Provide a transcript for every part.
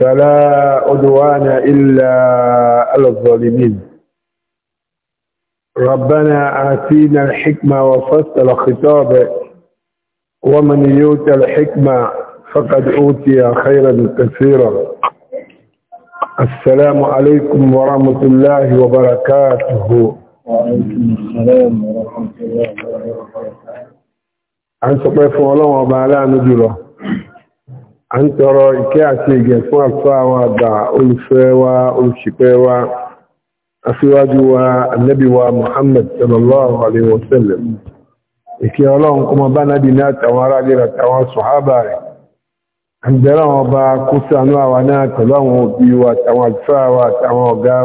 فلا عدوان إلا على الظالمين ربنا آتينا الحكمة وفصل الخطاب ومن يؤت الحكمة فقد أوتي خيرا كثيرا السلام عليكم ورحمة الله وبركاته وعليكم السلام ورحمة الله وبركاته عن سقف الله وما لا نجله a ń tọrọ ìkẹ́ àti ìgẹ̀ fún àlùfáà wa àgbà olùfẹ́ wa olùṣìpẹ̀ wa aṣíwájú wa annabi wa muhammad sallallahu alaihi wasallam ìkẹ́ ọlọ́run kọmọ bá nábi ní àtàwọn ará lè ràtàwọn sọ̀hábà rẹ̀ àjẹ́rà wọn bá kó sànú àwa náà pẹ̀lú àwọn òbí wa àtàwọn àlùfáà wa àtàwọn ọ̀gá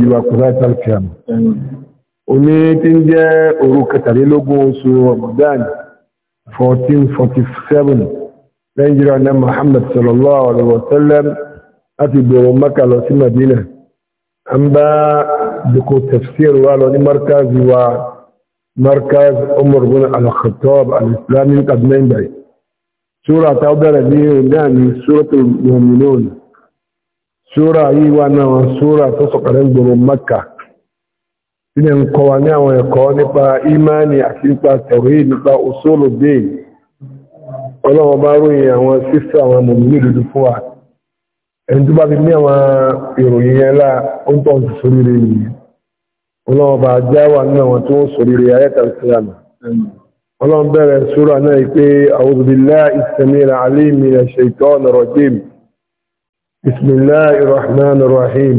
wa oní tí ń jẹ́ òru kẹtàlélógún oṣù Ramadan 1447 nàìjíríà náà Muhammad sallallahu alaihi wasallam láti gbèrò Mẹ́kà lọ sí Madina an bá dùkú tafsir wa lọ ní markaz wa markaz Umar bin al-Khattab al-Islami kaduna bai sura ta bẹ̀rẹ̀ ní ọ̀gá ní suratul Mu'minun sura yìí wà náà sura tó sọ̀kàrẹ́ gbèrò Mẹ́kà ilẹ̀ ń kọwa ní àwọn ẹ̀kọ́ nípa imani àti nípa tẹ̀wé nípa òṣòlò bẹ́ẹ̀ ọlọ́wọ́ bá ròyìn àwọn sísọ àwọn mọ̀mílì dúdú fún wa ẹni tó bá fi ní àwọn ìròyìn yẹn lá ó ń tọ́ sí sóríire yìí ọlọ́wọ́ bá já wà nínú àwọn tó ń sóríire ayẹ́ta ìsìlámù ọlọ́wọ́ bẹ̀rẹ̀ sóra náà yìí pé a'udhu billahi as-sami'il 'alim minash shaytanir rajim bismillahir rahmanir rahim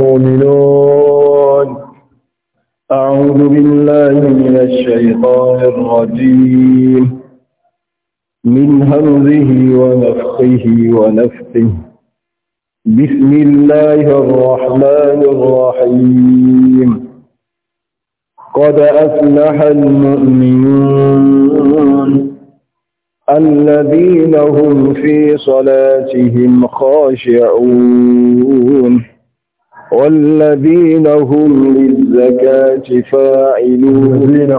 muminun أعوذ بالله من الشيطان الرجيم من همزه ونفخه ونفخه بسم الله الرحمن الرحيم قد أفلح المؤمنون الذين هم في صلاتهم خاشعون والذين هم لله الزكاة فاعلون والذين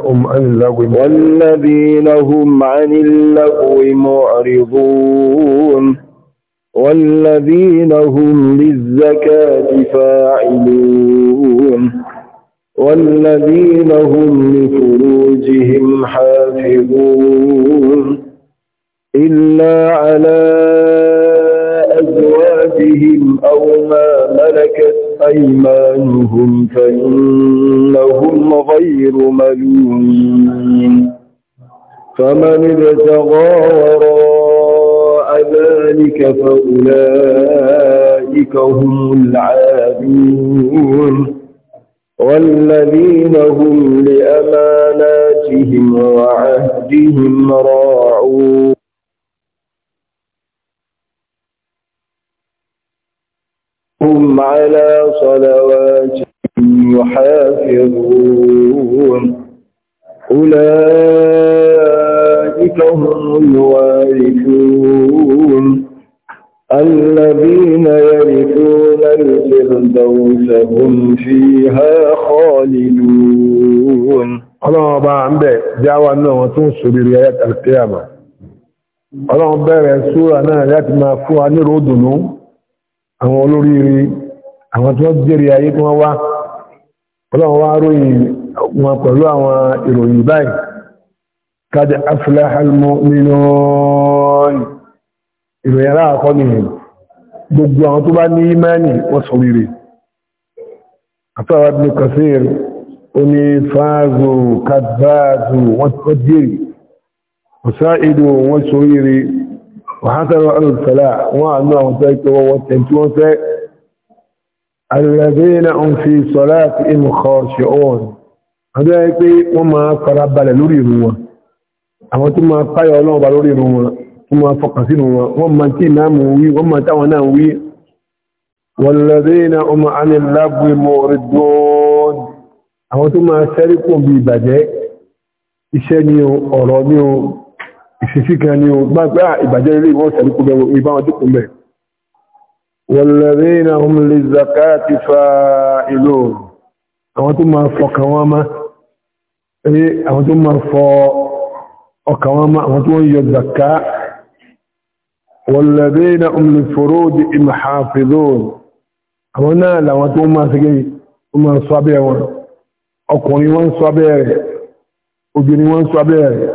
هم عن اللغو معرضون والذين هم للزكاة فاعلون والذين هم لفروجهم حافظون إلا على أزواجهم أو ما ملكت أيمانهم فإنهم غير ملومين فمن ابتغى وراء ذلك فأولئك هم العادون والذين هم لأماناتهم وعهدهم راعون على صلواتهم يحافظون أولئك هم الوارثون الذين يرثون الفردوس هم فيها خالدون الله ما عنده جاوى أنه تنصر لآيات القيامة الله بارع سورة أنا ما فوها أنا àwọn olóríire àwọn tí wọ́n jẹ́rìí ayé tí wọ́n wá ọlọ́run wá ròyìn wọn pẹ̀lú àwọn ìròyìn báyìí kad aflaha almu'minun ìròyìn aláàkọ́ nìyẹn gbogbo àwọn tó bá ní ìmánì wọ́n sọ rere àfáwà ibn Kathir ó ní fáàzù kàbáàzù wọ́n tó jẹ́rìí ọ̀sáìdò wọ́n sọ rere wàhátàrà alùsàlá wọ́n àánú àwọn tó الذين هم في صلاتهم خاشعون هذا يقول وما قرب لوري هو àwọn tó máa páyọ̀ ọlọ́run bá lórí irun wọn tó máa fọkàn sínú wọn wọ́n máa tí ìmáàmù wí wọ́n máa táwọn náà wí walladhina hum 'ani al-lagwi mu'ridun àwọn tó máa sẹ́rí pọ̀ bí والذين هم للزكاة فاعلون àwọn tó máa fọ ọkàn wọn má rí àwọn tó máa fọ ọkàn wọn má àwọn tó ń yọ zaka والذين هم لفروجهم حافظون àwọn náà làwọn tó máa ṣe tó máa sọ abẹ́ wọn ọkùnrin wọn sọ abẹ́ rẹ̀ obìnrin wọn sọ abẹ́ rẹ̀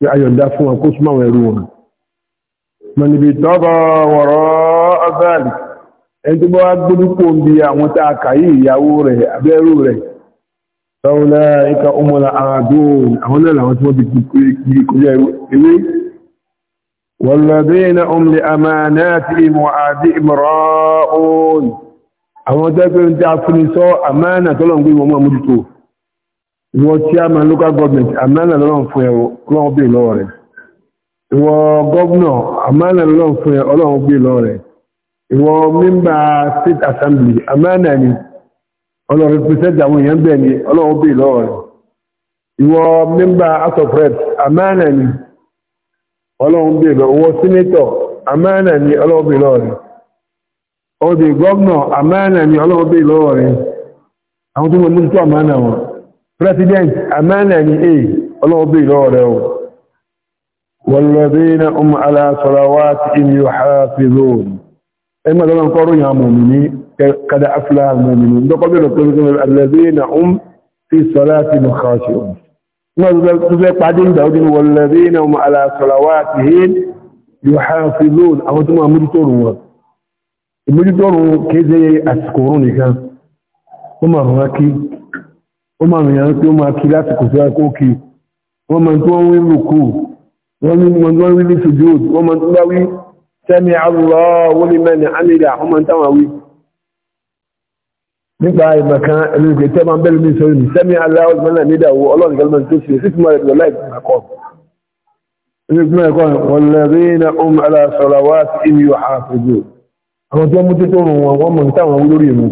pé ayọ̀dá fún wọn kó súnmọ́ àwọn ẹrú wọn mọ̀nìbì tọ́bọ̀ wọ̀rọ̀ ọ̀gáàlì ẹni tó bá wá gbódúkò ń bi àwọn tá a kà yí ìyàwó rẹ̀ abẹ́rú rẹ̀ tọ́wọ́lá ìka ọmọlá àádóòn àwọn náà làwọn tí wọ́n ti kiri kọjá ewé wọ̀lọ́dẹ́nà ọmọlẹ̀ àmàna àti ìmọ̀ àdí ìmọ̀rọ̀ òun àwọn tẹ́gbẹ̀rún tí a fún ní sọ àmàna ń gbé wọn mọ́ àmójútó ìwọ chairman local government àmàlà lọ́rọ̀ fún ẹ ọlọ́run gbé lọ́wọ́ rẹ̀ ìwọ gọ́vnà lọ́rọ̀ fún lọ́wọ́ rẹ̀ state assembly àmàlà ni ọlọ́run represent àwọn èèyàn bẹ́ẹ̀ ni ọlọ́run lọ́wọ́ rẹ̀ house of reps àmàlà ni ọlọ́run lọ́wọ́ senator àmàlà ni ọlọ́run gbé lọ́wọ́ rẹ̀ ọdẹ ni lọ́wọ́ president amana ni e ọlọ́ọ̀bí lọ́wọ́ rẹ̀ o wàlọ́dínà ọmọ aláṣọ́láwàtí in yóò hafizun ẹgbẹ́ ọ̀dọ́ ń kọ́rọ̀ yà mọ̀mìnì kada afla mọ̀mìnì dọ́kọ́ bí lọ́pọ̀ ní alẹ́dínà ọm fi sọ́láti ní kọ́ṣíun wàlọ́dínà ọmọ aláṣọ́láwàtí in yóò hafizun àwọn tó máa mójútóró wọn ìmójútóró kéde àsìkò òrùn nìkan ó máa rọ́kí ó máa rìnyàn tí ó máa kí láti kò sí ẹkọ́ kí wọ́n máa tí wọ́n wí rùkú wọ́n wí ní ṣojú wọ́n máa tí wọ́n wí sẹ́mi àrùlọ wọ́n ní mẹ́rin àmìlà wọ́n máa táwọn wí nígbà ìmọ̀kan ẹlẹ́gbẹ̀ẹ́ tẹ́ máa bẹ́rẹ̀ mi sọ yìí sẹ́mi aláwọ̀gbọ́nà nídà owó ọlọ́run gẹ́lẹ́mọ̀ tó ṣe sí túnmọ̀ rẹ̀ láì kọ́ wọ̀lẹ́rìnà um alásọ̀rọ̀ wá sí ìmú àfẹ́jọ́ àwọn tó mú títọ́ rùn wọn wọ́n mọ̀ táwọn lórí ìmú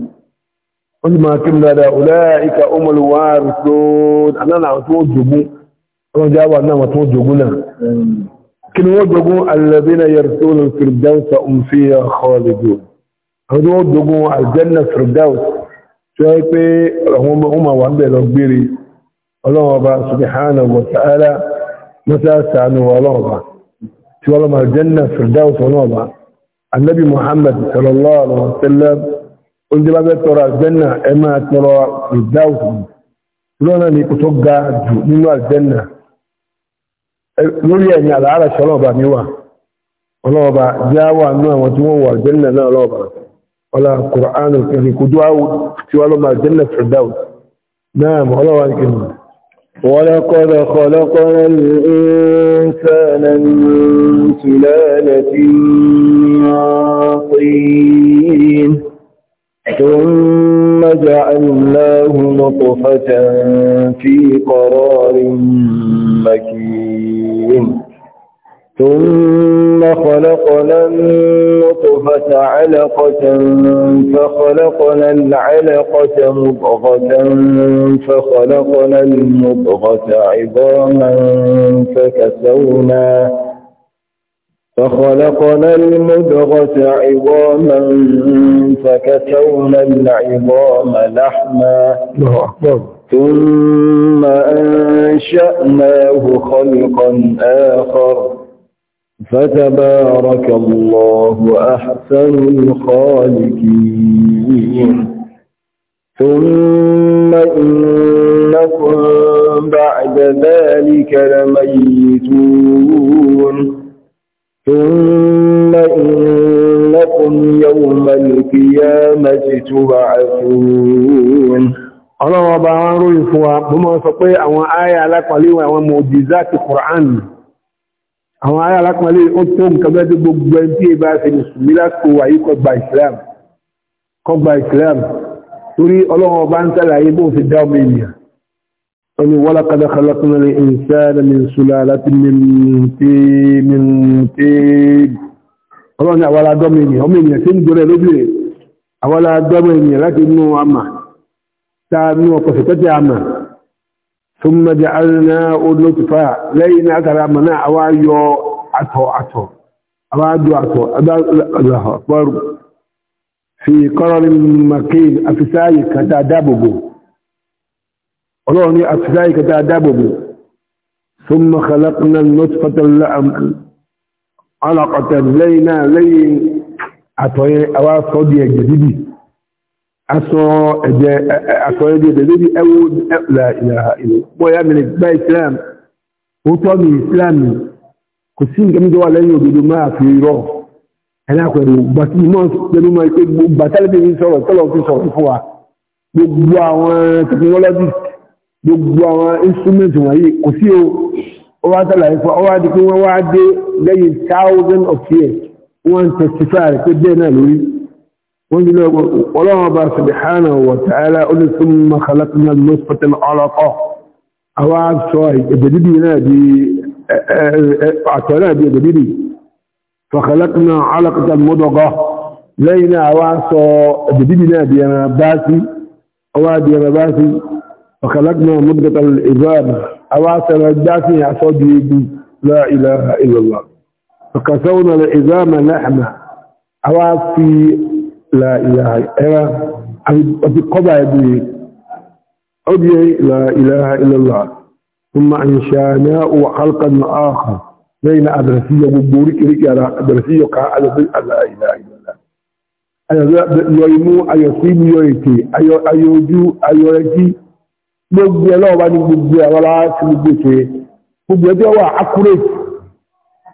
wọ́n máa kí lọ́dá ọláìka ọmọlúwárí tó anáà tó jogún wọ́n já wà náà tó jogún náà kí ni wọ́n jogún alẹ́bínà yẹ̀rẹ̀tọ́nà firdausa umfiya kọlìdó àwọn wọ́n jogún aljanna firdaus tó yẹ pé ọmọ wà ń bẹ̀ lọ gbére ọlọ́wọ́ba subhana wa ta'ala mọ́sá sànù ọlọ́wọ́ba tí wọ́n lọ́mọ aljanna firdaus ọlọ́wọ́ba annabi muhammad sallallahu alaihi wa sallam oúnjẹ bá bẹ́ tọrọ àjẹ́nà ẹ máa tọrọ ìdáhùn lọ́nà ní kò tó ga jù nínú àjẹ́nà lórí ẹ̀yìn àlàárẹ̀ ṣe ọlọ́ọ̀bà mi wà ọlọ́ọ̀bà jẹ́ wà nú àwọn tí wọ́n wà àjẹ́nà náà ọlọ́ọ̀bà ọlá kùránù kìrì kò tó áwù tí wọ́n lọ́mọ àjẹ́nà fìdáhùn náà ọlọ́wà kìrì ولقد خلقنا الإنسان من سلالة من ثم جعلناه نطفة في قرار مكين ثم خلقنا النطفة علقة فخلقنا العلقة مضغة فخلقنا المضغة عظاما فكسونا فخلقنا المدغة عظاما فكسونا العظام لحما ثم أنشأناه خلقا آخر فتبارك الله أحسن الخالقين ثم إنكم بعد ذلك لميتون ثم إنكم يوم القيامة تبعثون ọlọ́wọ́ bá wọ́n ròyìn fún wa bó mọ́ sọ pé àwọn ayà alápàálẹ̀ àwọn mọ̀jíza ti Qur'an àwọn ayà alápàálẹ̀ ó tó nǹkan mẹ́tí gbogbo ẹni tí ìbá ṣe mùsùlùmí lásìkò wáyé kọgbà Islam kọgbà Islam torí ọlọ́wọ́ bá ń sàlàyé bó ti dá ọmọ ènìyàn قالوا ولقد خلقنا الإنسان من سلالة من تيب من تيب قالوا أولا دوميني هميني كن دولي لدي أولا دوميني لكنه أما تابني وقفتتي أما ثم جعلنا اللطفة لين أكرا منا أوايو أتو أتو أوايو أتو الله أكبر في قرر مكين أفسايك تدابه ọlọ́run ní àtìláyé kẹta dábòbò ثم خلقنا النطفة علقة lẹ́yìn náà lẹ́yìn àtọ̀yẹ àwa sọ di ẹ̀jẹ̀ dídì aṣọ ẹ̀jẹ̀ àtọ̀yẹ di ẹ̀jẹ̀ dídì ẹwọ́ ìlàhà ìlú bóyá mi lè gba Islam ó tọ́ mi Islam kò sí nǹkan tó wà lẹ́yìn òdodo máa fi rọ̀ gbogbo àwọn instruments wọ̀nyí kò sí o ó wá tàlàyé fún ọwá di wọ́n wá dé lẹ́yìn thousand of years wọ́n testify rẹ̀ pé bẹ́ẹ̀ náà lórí wọ́n ní lọ́wọ́ ọlọ́run ọba subhanahu wa ta'ala ó ní fún makalakuna lọ́sọ̀tẹ̀ ọlọ́kọ̀ àwa sọ ìgbẹ̀dídì náà di àtọ̀ náà di ìgbẹ̀dídì fakalakuna alakata mọ́dọ̀gọ́ lẹ́yìn náà sọ ìgbẹ̀dídì náà di ẹran bá sí ọwá di ẹran bá sí وخلقنا مدة العباد أواصل الدافع عصدي لا إله إلا الله فكسونا العظام لحمة أواصي لا إله إلا في قبع أدعي لا إله إلا الله ثم أنشأنا وخلقا آخر بين أدرسية وبورك لك على أدرسية وقال لا إله إلا الله أيضا أيوة، يويمو أيصيب أيوة، سيم يويتي أيوة, أيوة، gbogbo ẹ̀ lọ́wọ́ bá ní gbogbo àwọn aláàtí gbogbo ṣe gbogbo ẹjọ́ wà accurate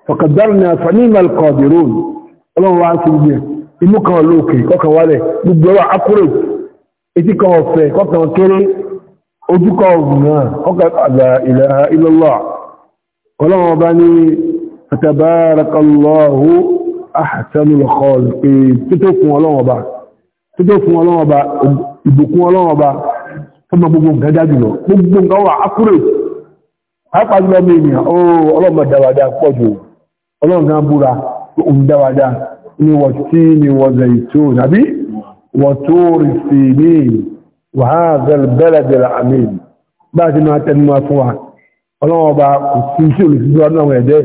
fọ̀kàdárù ní àfàníìmọ̀ kọ̀ọ̀dìrún ọlọ́wọ́ wá sí gbogbo imú kan lókè kọ́kàn wálẹ̀ gbogbo wà accurate etí kan ọ̀fẹ́ kọ́kàn kéré ojú kan ọ̀gbọ̀n kọ́kàn àgbà ilaha illallah ọlọ́wọ́ bá ní tabarakallahu ahsanul ọmọ gbogbo nǹkan dájú lọ gbogbo nǹkan wà accurate pàápàá jùlọ mi ènìyàn ó ọlọ́mọ dáwàdá pọ̀ jù ọlọ́nà búra òun dáwàdá ni wọ́n tí ni wọ́n zẹ̀ ìtò nàbí wọ́n tó rí sí ní wàhálà bẹ́lẹ̀dẹ̀lẹ̀ àmì bá ti máa tẹnu máa fún wa ọlọ́wọ́ bá kò sí sí olùsíjọ́ náà ẹ̀dẹ́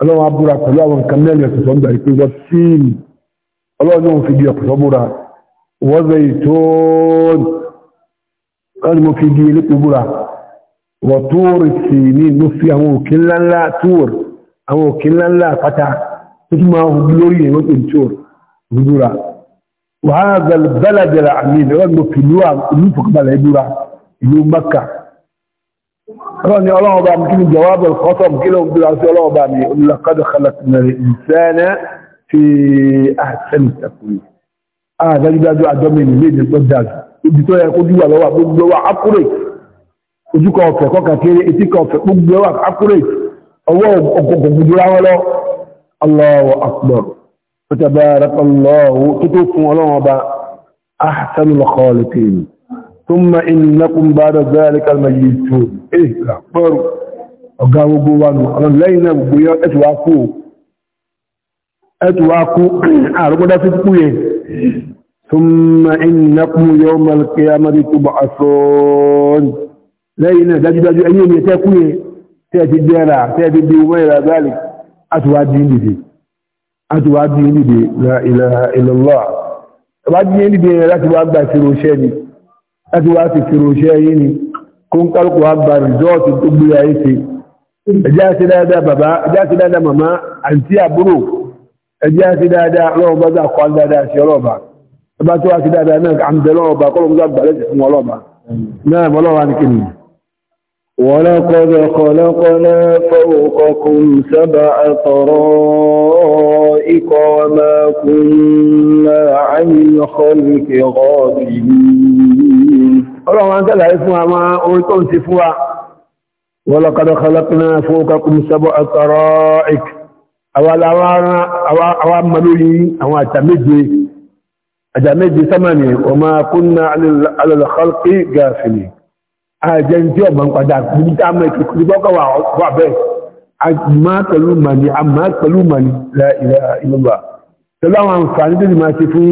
ọlọ́wọ́ قدم في دين أبرا وطور السنين نفيه كلا لا تور أو كلا لا قطع تجمعه بلوري وطن تور بدورا وهذا البلد العميد قدم في اللوام اللوفق بلعي دورا اللوم مكة قال يا الله بعم كل جواب الخطب كلهم بالعصي الله بعم يقول لقد خلقنا الإنسان في أحسن تقويم هذا آه يبدو عدم من الميد الضدازي ibi tó yẹ kó dúwà lọ́wà gbogbo wa accurate ojú kan ọ̀fẹ́ kọ́kà kéré etí kan ọ̀fẹ́ gbogbo wa accurate ọwọ́ ọ̀gọ̀gọ̀ gbùdúrà wọn lọ Allahu akbar fatabarakallahu tó tó fún ọlọ́wọ́ ọba ahsanul khaliqin thumma innakum ba'da dhalika eh, al ثم إنكم يوم القيامة تبعثون لين دجو دجو أيين يتكوي تأتي الديرة تأتي الديوم إلى ذلك أتواجين دي أتواجين دي لا إله إلا الله أتواجين دي لا تواجد سروشيني أتواجد سروشيني كن قلق أكبر جوت تبلي أيتي جاسي لا دا بابا جاسي لا دا ماما أنتي أبرو جاسي لا دا روبا دا قال دا دا شروبا ọba tó wá sí dáadáa náà àmìdẹ̀lọ́ ọba kọ́lọ̀mù tó àgbà lẹ́sì fún ọlọ́ba náà mọ́lọ́wà ní kìnnì ولقد خلقنا فوقكم سبع طرائق وما كنا عن الخلق غافلين ọlọ́run ń tẹ́lẹ̀ fún àmà orin tó ń ti fún wa ولقد خلقنا فوقكم سبع طرائق àwọn àwọn mọ̀lórí àwọn àjàméjì sámàní ọmọ kúnná alọ́lọ́kọ́lọ́kí gáàfìlì àjẹ́ tí ọmọ padà nígbà mẹ́kì kúrìbọ́kọ̀ wà bẹ́ẹ̀ àmá pẹ̀lú màní àmá pẹ̀lú màní ìlúbà pẹ̀lú àwọn àǹfààní tó ti máa ti fún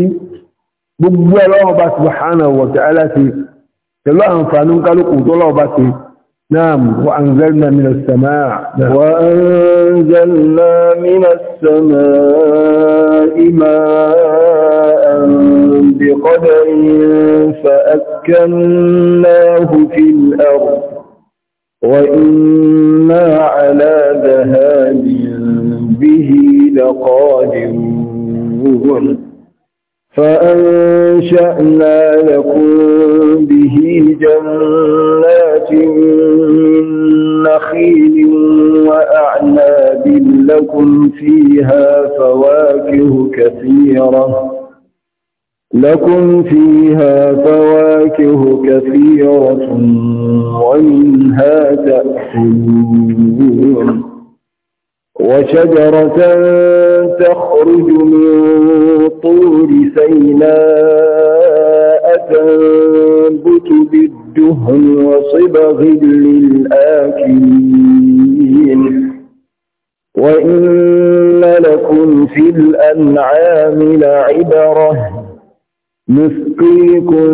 gbogbo ẹlọ́wọ́ bá ti wà hánà نعم وأنزلنا من السماء نعم. وأنزلنا من السماء ماء بقدر فأكناه في الأرض وإنا على ذهاب به لقادرون فأنشأنا لكم به جنات نخيل وأعناب لكم فيها فواكه كثيرة لكم فيها فواكه كثيرة ومنها تأكلون وشجرة تخرج من طور سيناء تنبت جهل وصبغ للآكلين وإن لكم في الأنعام لعبرة نسقيكم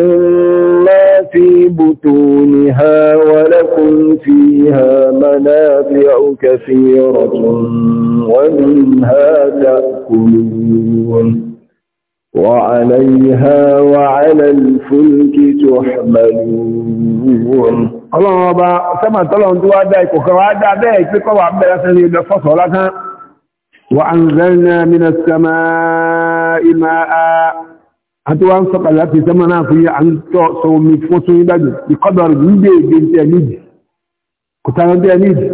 مما في بطونها ولكم فيها منافع كثيرة ومنها تأكلون وعليها وعلى الفلك تحملون ọlọ́run ọba sẹ́mà tọ́lọ́run tó wá dá ikò kan wá dá bẹ́ẹ̀ pé kọ́ wà bẹ́ẹ̀ lásán ní ilẹ̀ fọ́sọ̀ lásán wà á ń zẹ́nà mìíràn sẹ́mà ìmá àti wá ń sọ́kà láti sẹ́mà náà fún yí à ń tọ́ sọ omi fún tún dájú ìkọ́dọ̀rù ní dé èdè tí ẹ nídìí kò tán ní ẹ nídìí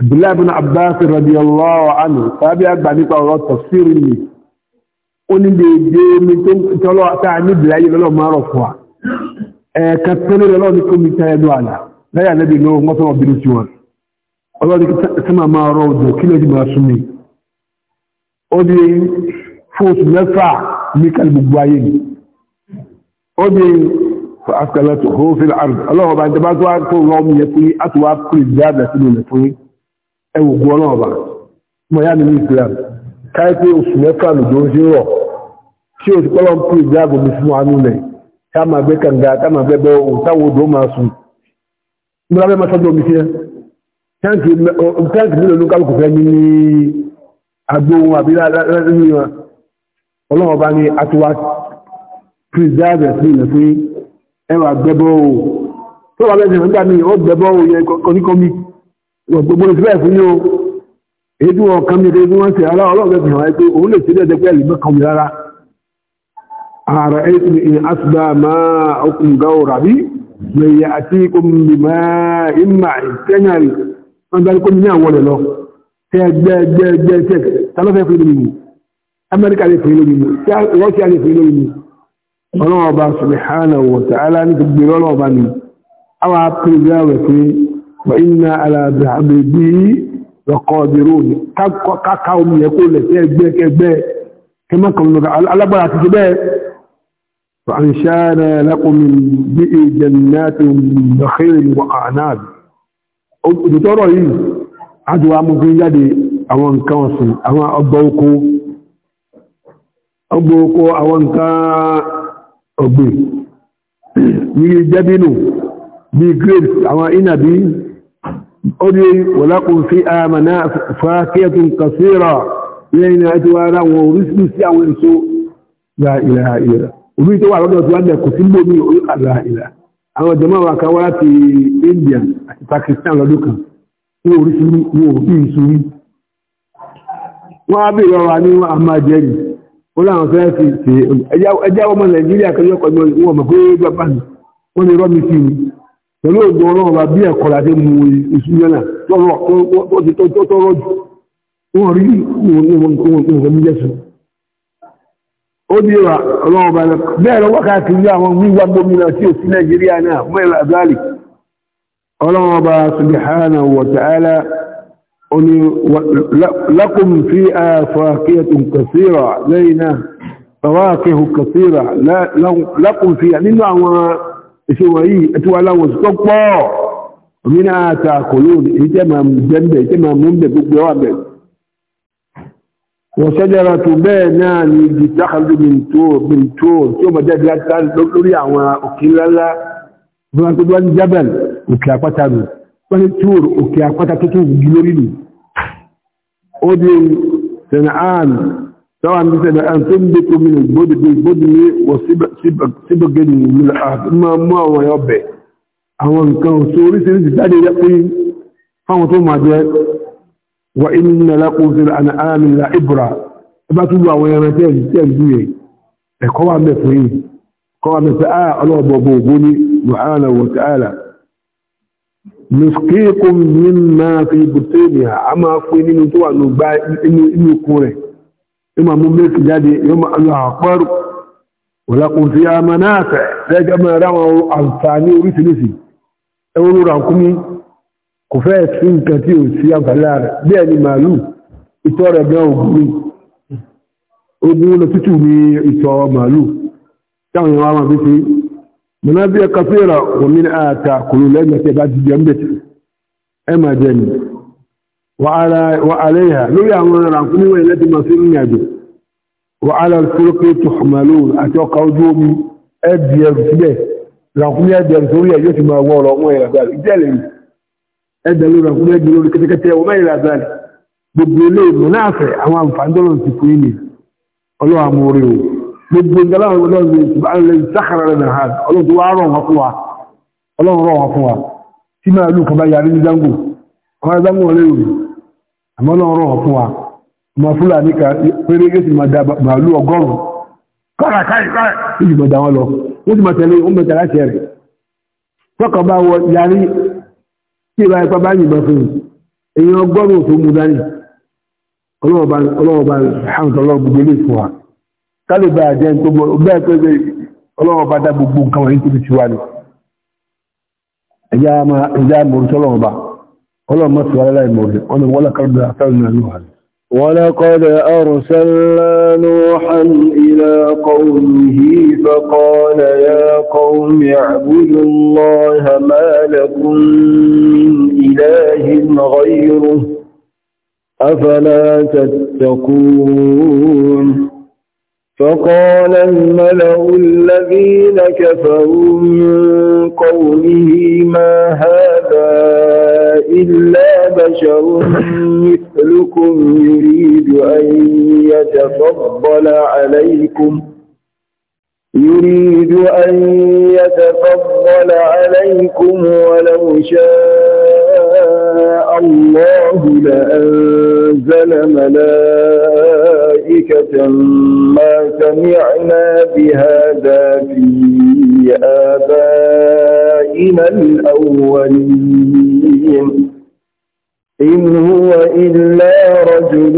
abdullahi bin abbas radiyallahu anhu sábẹ́ àgbà nípa ọ̀rọ̀ tafsir nìyí ó ní déédé omi tó tọ́lọ́ táa níbi láyé lọ́lọ́ máa rọ̀ fún wa ẹ̀ẹ̀kan pẹ́lẹ́ lọ́lọ́ ní kó mi ta ẹnu àlà láyé àlẹ́bí lọ́wọ́ wọ́n sọ́wọ́ bínú sí wọn ọlọ́dún sẹ́mà máa rọ òjò kí ló dì máa sún mi ó di fún oṣù mẹ́fà ní kálí gbogbo ayé ni ó di askalẹ́tò ó fi àrùn ọlọ́wọ́ bá ń tẹ́bá tó tó rọ omi yẹ fún àti wá pèlè dáadáa sínú ilẹ̀ fún ẹwù gun bá mọ̀ yá mi ní ìsìlẹ̀ káyọ̀ pé oṣù mẹ́fà lòdò ń ṣe rọ̀ tí o ti kọ́ lọ́n pè bí aago mi fún wa nílẹ̀ ká máa gbé kànga ká máa gbé bẹ́ẹ̀ òun táwọn odò máa sùn ní lábẹ́ máa sọ́jọ́ omi sí ẹ́ táǹkì mélòó ló kálukú fẹ́ ní agbó ohun àbí láàrín wọn ọlọ́run ọba ni a ti wá preserve sí ilẹ̀ fún ẹwà gbẹ́bọ́ o tó wà lẹ́sìn nígbà míì ó gbẹ́bọ́ o yẹ kọ́níkọ́mí gbogbo ìfẹ́ fún yóò èyí tí wọn kàn mí lé ní wọ́n ṣe aláwọ̀ ọlọ́run ẹ̀sìn àwọn ẹgbẹ́ òun lè أرأيتم إن أصبى ماءكم غورا بي من يأتيكم بماء معين كان أن ذلكم من أول له ثلاثة يفعل مني أمريكا يفعل مني روسيا يفعل مني ọlọ́wọ́ ọba ṣùgbẹ̀hánà wọ̀tàálá ní ti gbèrò ọlọ́ọ̀bá ni a wà pèlú rẹ̀ pé wà iná aláàbẹ̀ bí i lọ́kọ̀ ọ̀dẹ̀rò ní káàkà omi ẹ̀kọ́ lẹ̀kẹ́ ẹgbẹ́ kẹgbẹ́ kẹmọ́kànlọ́gbà alágbára ti ti bẹ́ẹ̀ فأنشانا لكم من بئر جنات من نخيل وأعناب òtítọ́rọ̀ yìí àjọwà mú fi jáde àwọn nǹkan ọ̀sìn àwọn ọgbọ̀ oko ọgbọ̀ oko àwọn nǹkan ọ̀gbìn ní jẹ́bínú bí grapes àwọn inàbí ó ní wọ̀lákùn fi àmàna fàákẹ́tùn kàsíra lẹ́yìn àjọwà àwọn orísìí sí àwọn èso ìlà ìlà òfin tó wà lọ́dọ̀ tí wọ́n dẹ̀ kò sí gbòmí olùkàlà ìlà àwọn jàmá wa kan wá láti India àti Pakistan lọ́dún kan ní oríṣiríṣi wọn ò bí ìṣúrí wọ́n á bèèrè ní ó láwọn fẹ́ fi ṣe ọmọ Nàìjíríà wọn mọ̀ pé wọ́n lè sí pẹ̀lú ògùn ọlọ́run bá bí ẹ̀kọ́ láti ó bí wa ọlọ́run ọba lọ bẹ́ẹ̀ lọ wákàtí ní àwọn wíwá gómìnà tí ò sí nàìjíríà náà mẹ́rin àgbáàlì ọlọ́run ọba subhanahu wa ta'ala ó ní lakum fiha fawakihun kathira lẹ́yìn náà fawakihun kathira lakum fiha nínú àwọn iṣẹ́ wọ̀nyí ẹtí wà láwọn tó pọ̀ min ta'kulun èyí tẹ́ máa jẹ́ ń bẹ̀ èyí tẹ́ ń bẹ̀ gbogbo ọ̀ وشجرة بينان يتخذ من تور من تور ثم جدلت لوري àwọn okilala wọ́n tó don jabal òkè àpáta ni wọ́n tour òkè àpáta tó tún gi lórí ni odin sanaan طبعا مثل أن تنبت من البدن بالبدن وسبق من الأرض ما ما هو يبي أو كان سوري سوري تاني يقين فهو ثم جاء وإن لكم في الأنعام لعبرة ẹbá tún lu àwọn ẹran tẹ́ ẹ̀rí tẹ́ ẹ̀rí yẹn ẹ̀kọ́ wa mẹ́fọ́ yìí kọ́ wa mẹ́fọ́ á ọlọ́ọ̀bọ̀bọ̀ ògbó ní wàhálà wọ̀tí àlà nùsùkéèkùn ní máa fi bùtẹ́ẹ̀nì a máa fún nínú tó wà ní gbá inú ikun rẹ̀ ẹ máa mú mẹ́fì jáde yóò máa lọ àpárò wọ̀lákùn sí àmà náà fẹ́ lẹ́gẹ́ máa ráwọn àǹfààní oríṣiríṣi ẹwọ́n lóra kúmí kò fẹ́ sí nǹkan tí ò sí àbálá rẹ̀ bí ẹni màálù ìtọ̀ rẹ̀ gan ògùn ogun lọ tútù ní ìtọ̀ màálù táwọn èèyàn wá máa fi ṣe mọ̀nà bí ẹka fẹ́ra omi àta kòrò lẹ́gbẹ̀ẹ́ bá ti jẹ́ mbẹ̀tì ẹ máa jẹ ni wà ààrẹ ìhà lórí àwọn ràkúnmí wọ̀nyí láti máa fi rìnrìn àjò wà ààrẹ fúrúkú tó màálù àti ọkà ojú omi ẹ di síbẹ̀ ràkúnmí ẹ di ẹrù sórí ẹ yóò ti máa wọ ọ̀rọ̀ ọmọ ẹ̀ ẹgbẹ̀ lórí ọkùnrin ẹgbẹ̀ lórí kẹtẹkẹtẹ ọmọ ìrìn àzáàlì gbogbo ilé ìlú náà fẹ́ àwọn àǹfààní tọ́lọ̀ ti fún ìní ọlọ́wà mú orí o gbogbo ìgbàláwọ̀ ọlọ́run ìsìnkú sákàrà rẹ̀ náà ọlọ́run tó ó sì mọ̀ tẹ̀lé ó mọ̀ tẹ̀lé àṣẹ bá wọ yàrá tí ìbá ipá bá yìnbọn fún un èèyàn ọgọ́rùn tó mú dání ọlọ́ọ̀bá ọlọ́ọ̀bá hàǹtà ọlọ́ọ̀bá gbogbo ilé fún wa kálí bá àjẹ́ tó bọ́ bẹ́ẹ̀ pé pé ọlọ́ọ̀bá dá gbogbo nǹkan wọ̀nyí tó ti wá ní ẹ̀yà mọ̀rútọ́ ọlọ́ọ̀bá ọlọ́ọ̀mọ́sí wa láì mọ̀rútọ́ ọlọ́ọ̀wọ́lá kárọ̀dọ̀ ولقد أرسلنا نوحا إلى قومه فقال يا قوم اعبدوا الله ما لكم من إله غيره أفلا تتقون فقال الملأ الذين كفروا من قومه ما هذا إلا بشر مثلكم يريد أن يتفضل عليكم يريد أن يتفضل عليكم ولو شاء الله لأنزل ملائكة ما سمعنا بهذا في آبائنا الأولين إن هو إلا رجل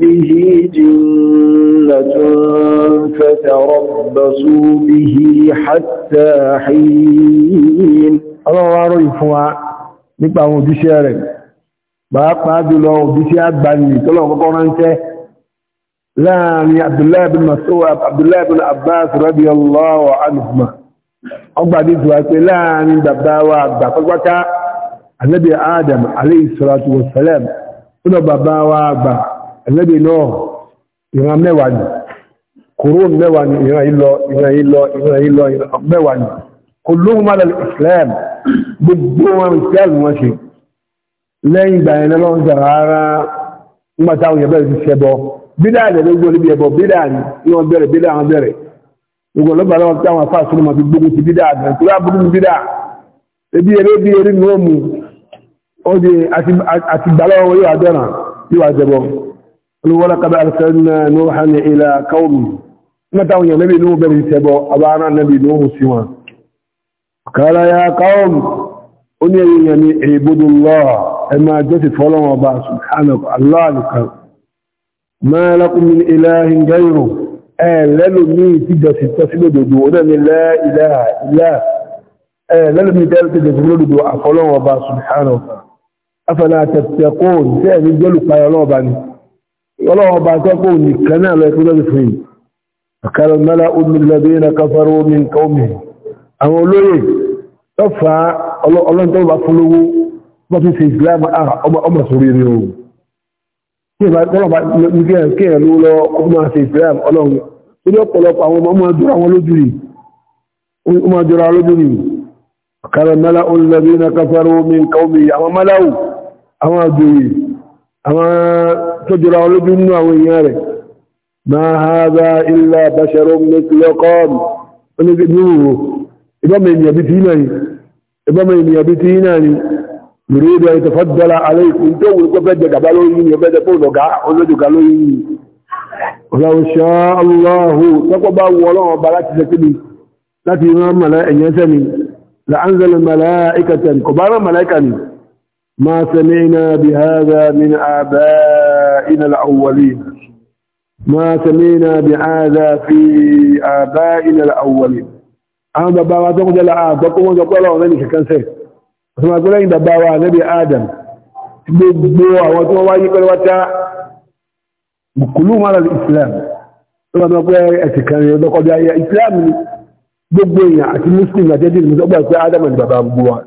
به جنة فتربصوا به حتى حين الله أعرف nípa àwọn òjíṣẹ́ rẹ̀ pàápàá jùlọ òjíṣẹ́ àgbàní tọ́lọ̀ kọ́kọ́ ránṣẹ́ láàrin Abdullahi bin Mas'ud Abdullahi bin Abbas radiyallahu anhuma ọgbàdìjù àti láàrin bàbá wa àgbà pátápátá anabi adam alayhi salatu wa salam ọ̀nà bàbá wa àgbà anabi náà ìran mẹ́wàá ni kòrón mẹ́wàá ni ìran ìlọ ìran ìlọ ìran ìlọ mẹ́wàá ni kò lóhun má lọ́lẹ̀ islam gbogbo wọn islam wọn ṣe lẹ́yìn ìgbà yẹn lọ́wọ́ sọ̀rọ̀ ara nígbà táwọn yẹn bẹ̀rẹ̀ ti ṣẹbọ bídà rẹ̀ ló gbọ́ níbi ẹbọ bídà ni wọ́n bẹ̀rẹ̀ bídà wọn bẹ̀rẹ̀ gbogbo ọlọ́gbà lọ́wọ́ táwọn afáàsùn máa fi gbógun ti bídà àgbẹ̀ tó yà burú bídà ebi eré bí eré ni ọdí àti gbàlọ́wọ́ yóò àdọ́nà yóò àjẹbọ olúwọ́lá kàbà àrẹ́sẹ́nà nóhàní ilẹ̀ káwọ̀mù mẹ́tàwọn yẹn lẹ́bí nóhùn bẹ̀rẹ̀ ìṣẹ́bọ abára lẹ́bí nóhùn sí wọn kààrà ya káwọ̀mù ó ní ẹ̀yìn yẹn ní ìbúdó lọ́ ẹ máa jẹ́ ti fọ́lọ́wọ́ ọba subhanahu allah nìkan máa lakum min ilahin ẹ lẹ́nu ní ìtìjọ sí tọ́sí lódodo ó dẹ̀ni lẹ́ ilẹ̀ ilẹ̀ ẹ lẹ́nu ní tẹ́lẹ̀ tẹ́lẹ̀ tẹ́lẹ̀ lódodo ọba subhanahu afẹ́lá tẹ̀tẹ̀kọ́ òṣìṣẹ́ ẹ̀mí jọ́lùpáyọ̀ ọlọ́ọ̀bá ni ọlọ́ọ̀bá tẹ́kọ́ nìkan náà lọ ìpínlẹ̀ fún yìí ọ̀kàrọ̀ mẹ́lá omílẹ̀bí na káfàrọ̀ omi nǹkan omi àwọn olóyè tọ́fà ọlọ́ntọ́wà fúnlówó wọ́n tún ṣe islam ọmọ sórí rí ohun ló lọ ọmọ ṣe islam ọlọ́run tó ní ọ̀pọ̀lọpọ̀ àwọn ọmọ jọra wọn lójú rí ọmọ lójú rí ọ̀kàrọ̀ mẹ́lá omílẹ̀bí na káfàrọ̀ omi nǹkan omi àwọn àgbèrè àwọn tọ́jọ́ra olóbi nínú àwọn èèyàn rẹ̀ ma hadha illa basharun mithlakum onígbìmíwò ìbámu ènìyàn bí tí náà ni ìbámu ènìyàn bí tí náà ni yìí rẹ̀ tafaddala alaykum tó wùn kó fẹ́ jẹ gàbá lórí ni ọbẹ̀ jẹ fóònù ọ̀gá olójúgà ni Allahu bá rán màlá ẹ̀yẹ́sẹ́ ni ما سمعنا بهذا من آبائنا الأولين ما سمعنا بهذا في آبائنا الأولين أنا بابا جل آب بكم وجب الله وانا مش كان سيف بس ما نبي آدم بدو وتو واجي كل وتا بكلوا على الإسلام ثم ما أتكلم يدك على إسلام بدو يعني المسلم لا تدري مزبوط آدم من بابا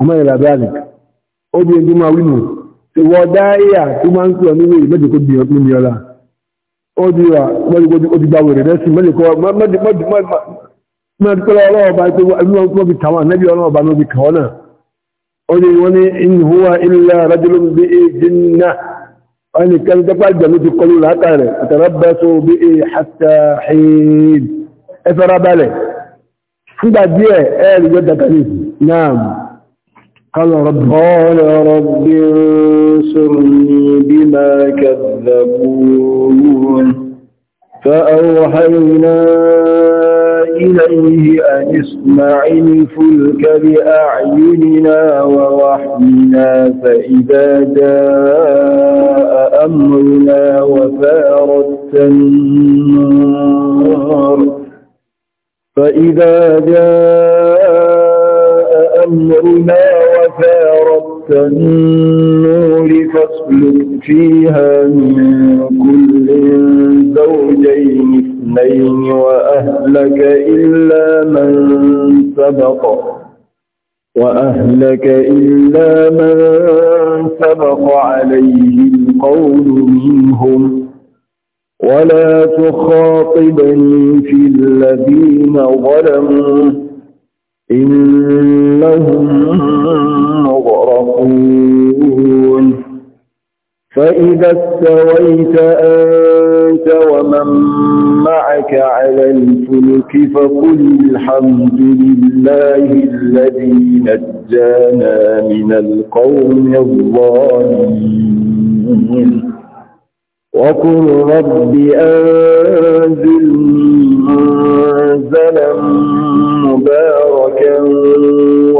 ọmọ ìlà brazil ó bí ẹgbẹ́ máa wínú tí wọ́n dá ẹ̀yà tó máa ń pè níwé mẹ́jẹ̀kó ní ọlá ó di wà mẹ́jẹ̀kó ti gbàwò rẹ̀ lẹ́sìn mẹ́jẹ̀kó ọlọ́ọ̀bá tó wọ́n fi tàwọn nẹ́bí ọlọ́ọ̀bá ló fi kàwọ́ náà ó di wọ́n ní in huwa illa rajulun bí i jinna wọ́n ní kẹ́lí tẹ́pá ìjọ̀lú ti kọlu látàrẹ̀ àtàràbẹ́sọ bí i hatta hin ẹ fúgbà díẹ̀ ẹ̀rì yóò náà قال رب قال رب انصرني بما كذبون فأوحينا إليه أن اسمع الفلك بأعيننا ووحينا فإذا جاء أمرنا وفارت النار فإذا جاء أمرنا وفارت النور فاسلك فيها من كل زوجين اثنين وأهلك إلا من سبق وأهلك إلا من سبق عليه القول منهم ولا تخاطبني في الذين ظلموا إنهم مغرقون فإذا استويت أنت ومن معك على الفلك فقل الحمد لله الذي نجانا من القوم الظالمين وقل رب أنزلني منزلا مباركا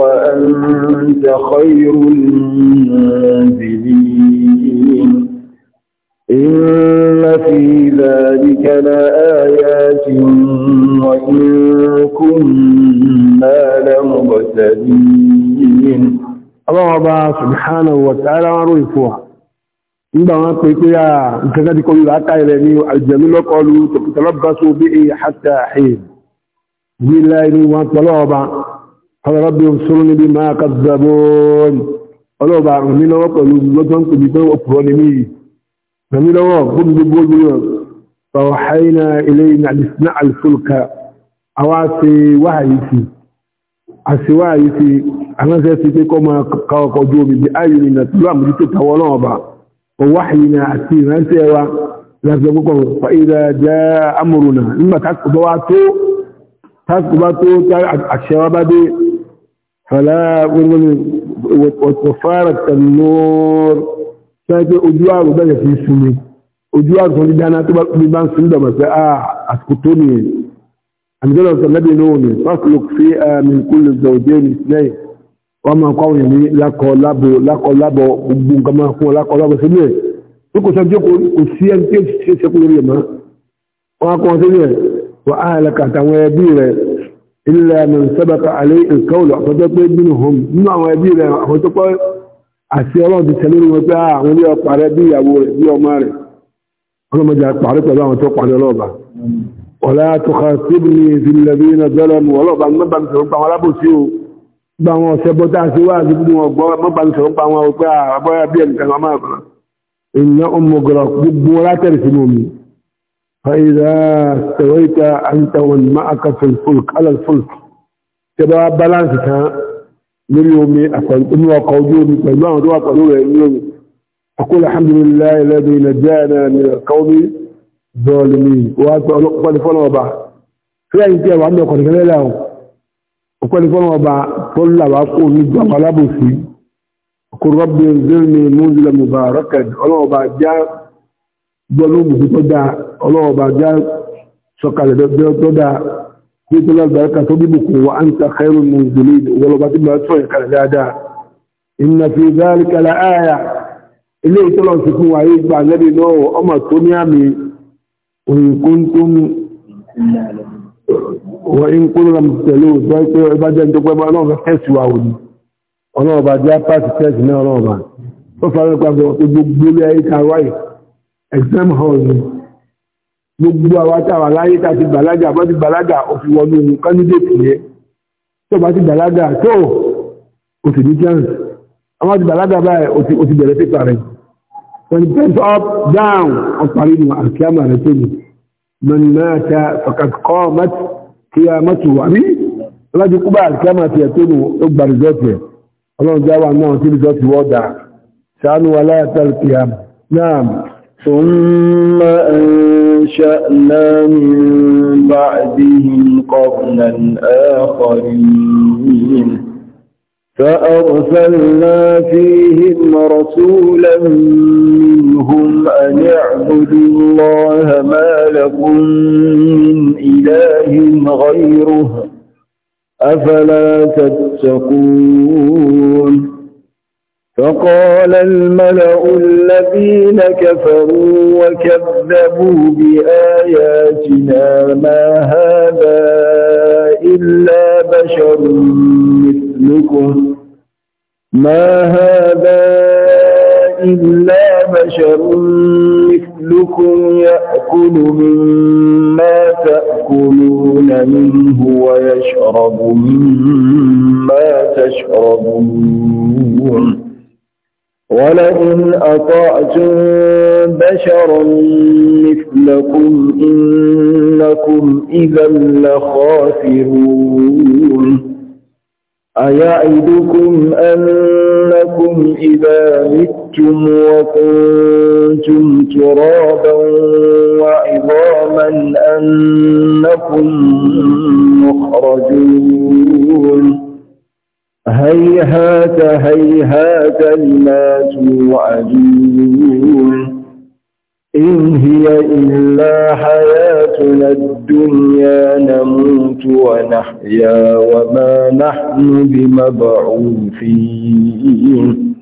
وأنت خير المنزلين إن في ذلك لآيات وإن كنا لمبتدين الله أبا سبحانه وتعالى ورويفوها إذا ما تقول يا كذلك يقول لك يا لني الجميل قالوا به حتى حين بلاين وطلوبا قال ربي انصرني بما كذبون ọlọ́ọ̀bà ràn mí lọ́wọ́ pẹ̀lú lọ́jọ́ ń pèbí pé ọkùnrin ni mí ràn mí lọ́wọ́ gbogbo gbogbo gbogbo ọ̀rọ̀ haina ilé ìnàdìsínà alfulka àwa ṣe wáhàyí sí àṣẹ wáhàyí sí aránṣẹ́ sí pé kọ́ máa ka ọkọ̀ ojú omi bí ayò ní ìnà تكبت الشباب دي فلا وفارت النور سيدي أجوار بدأ في سنة أجوار سنة دانا تبان سنة بس آه أسكتوني أنا قلت النبي نوني فاسلك فيها من كل الزوجين اثنين وما قوي لي لا قلبو لا قلبو بون كما هو لا قلبو سنة يقول سنة يقول سنة يقول سنة يقول سنة وأهلك توابير إلا من سبق عليه القول فتقوى منهم من توابير فتقوى أسيرا تسليم وتاع ولي أقعد بي أبو ربي وماري أنا ما جاءت تعرف الله وتوقع للوبة ولا تخاطبني في الذين ظلموا والله بأن ما بمسرق ولا بسيو بأن سبتا سوا زبني وما بمسرق وما أبويا بي أنت إنهم مغرق ببولا ترسموني فإذا استويت أنت ومن معك في الفلك على الفلك تبقى بلانسك لليوم أقول وقوجوني فالله دعا قالوا يومي أقول الحمد لله الذي نجانا من القوم الظالمين وأسأل أقبل فلا وبع فلا ينتهي وعند أقول كلا له أقبل فلا وبع فلا وأقول نجا قلبه فيه أقول ربي انزلني منزل مباركا أقول وبع جاء gbọ́lọ́mù tó dáa ọlọ́ọ̀bá já sọ̀kalẹ̀ tó dáa bí tó lọ́gbàrẹ́ka tó bíbùkù wa an ta khairun munzili wọlọ́bá tí bá tọ́ ìkàlẹ̀ dáadáa inna fi zalika la aya ilé ìtọ́lọ̀ sí fún wa yìí gbà lẹ́bi náà ọmọ tó ní àmì òyìnkúntún wa in kúrò pẹ̀lú ìgbẹ́ ìbá jẹ́ ọlọ́ọ̀bá tẹ́sì wa òní ọlọ́ọ̀bá já pàṣẹ náà ọlọ́ọ̀bá exam hall ni gbogbo àwọn táwà láyé tá ti gbàlágà bá ti gbàlágà ó fi wọnú candidate yẹ tó bá ti gbàlágà tó o sì ní chance àwọn ti gbàlágà báyìí o ti bẹ̀rẹ̀ pípa rẹ̀ when press up down ọparí ni àkíyàmà rẹ̀ tó ni mọ̀nì náà ta fàkàkọ́ kíyàmọ́tò wà rí lájú kúbà àkíyàmà tiẹ̀ tó ni ó gbà rìsọ́ọ̀tì ẹ̀ ọlọ́run jáwà náà tí rìsọ́ọ̀tì wọ́ọ̀dà ṣàánú wa láyàtà kíyàmà náà ثم أنشأنا من بعدهم قرنا آخرين فأرسلنا فيهم رسولا منهم أن اعبدوا الله ما لكم من إله غيره أفلا تتقون فقال الملأ الذين كفروا وكذبوا بآياتنا ما هذا إلا بشر مثلكم ما هذا إلا بشر مثلكم يأكل مما تأكلون منه ويشرب مما تشربون ولئن أطعتم بشرا مثلكم إنكم إذا لخافرون أيعدكم أنكم إذا متم وكنتم ترابا وعظاما أنكم مخرجون هيهات هيهات لما توعدون إن هي إلا حياتنا الدنيا نموت ونحيا وما نحن بمبعوثين